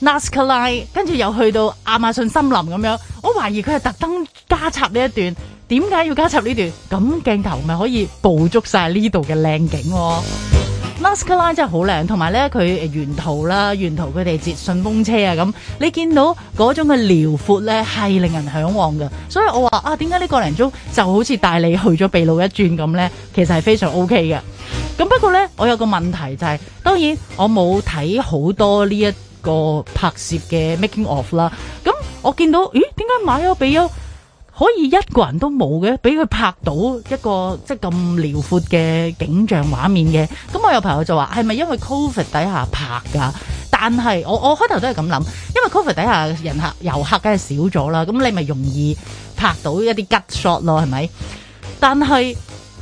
納斯卡線，跟住又去到亞馬遜森林咁樣。我懷疑佢係特登加插呢一段，點解要加插呢段？咁鏡頭咪可以捕捉晒呢度嘅靚景喎。Mask Line 真係好靚，同埋咧佢沿途啦，沿途佢哋接順風車啊，咁你見到嗰種嘅遼闊咧係令人嚮往嘅，所以我話啊，點解呢個零鐘就好似帶你去咗秘魯一轉咁咧？其實係非常 OK 嘅。咁不過咧，我有個問題就係、是，當然我冇睇好多呢一個拍攝嘅 making of 啦。咁我見到咦，點解馬丘比丘？可以一個人都冇嘅，俾佢拍到一個即係咁遼闊嘅景象畫面嘅。咁我有朋友就話：係咪因為 Covid 底下拍噶？但係我我開頭都係咁諗，因為 Covid 底下人客遊客梗係少咗啦。咁你咪容易拍到一啲吉 shot 咯，係咪？但係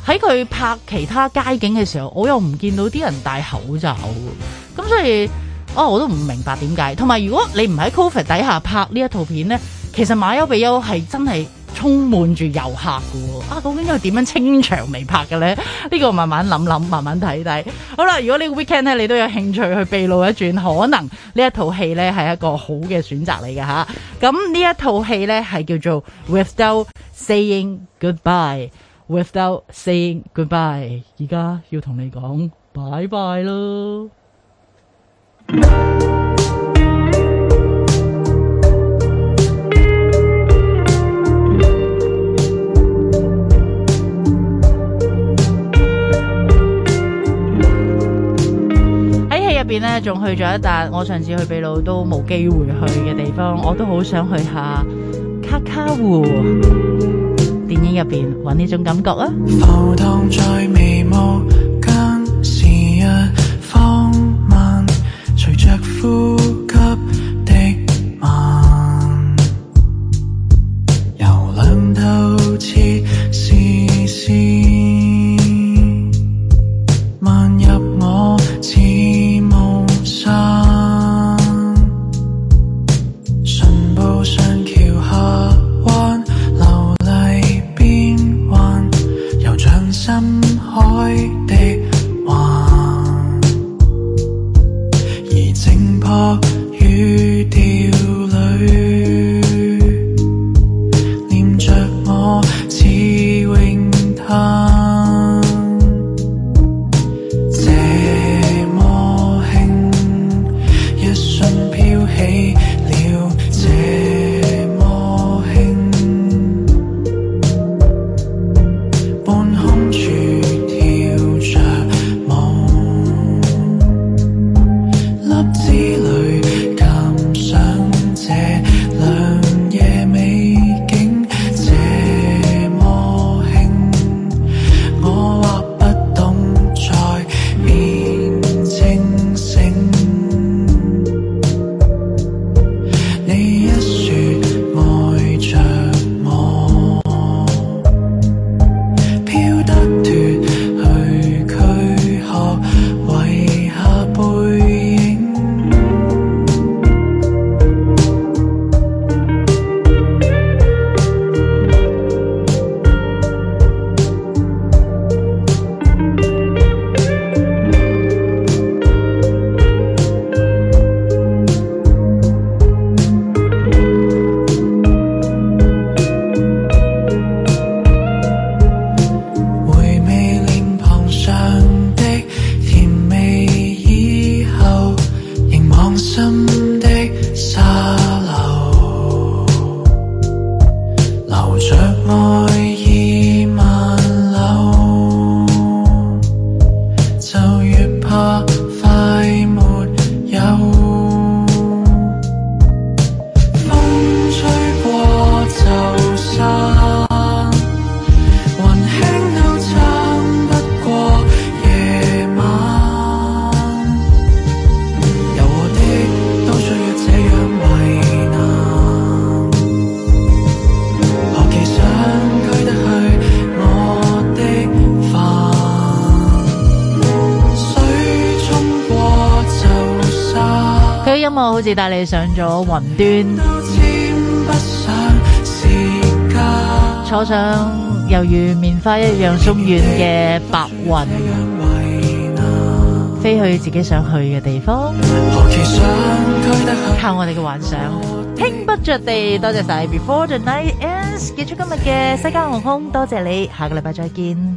喺佢拍其他街景嘅時候，我又唔見到啲人戴口罩喎。咁所以，哦、我都唔明白點解。同埋如果你唔喺 Covid 底下拍呢一套片咧，其實馬丘比丘係真係。充滿住遊客喎，啊，究竟佢點樣清場未拍嘅咧？呢、呢個慢慢諗諗，慢慢睇睇。好啦，如果個呢個 weekend 咧，你都有興趣去秘魯一轉，可能呢一套戲咧係一個好嘅選擇嚟嘅吓，咁、啊、呢一套戲咧係叫做 Without Saying Goodbye，Without Saying Goodbye，而家要同你講 bye bye 咯。 入邊呢，仲去咗一笪，我上次去秘魯都冇機會去嘅地方，我都好想去一下卡卡湖，電影入邊揾呢種感覺啊！浮動在眉毛更帶你上咗雲端，坐上猶如棉花一樣鬆軟嘅白雲，飛去自己想去嘅地方。靠我哋嘅幻想，聽不着地。多謝晒，Before the night ends，結束今日嘅西加航空，多謝你，下個禮拜再見。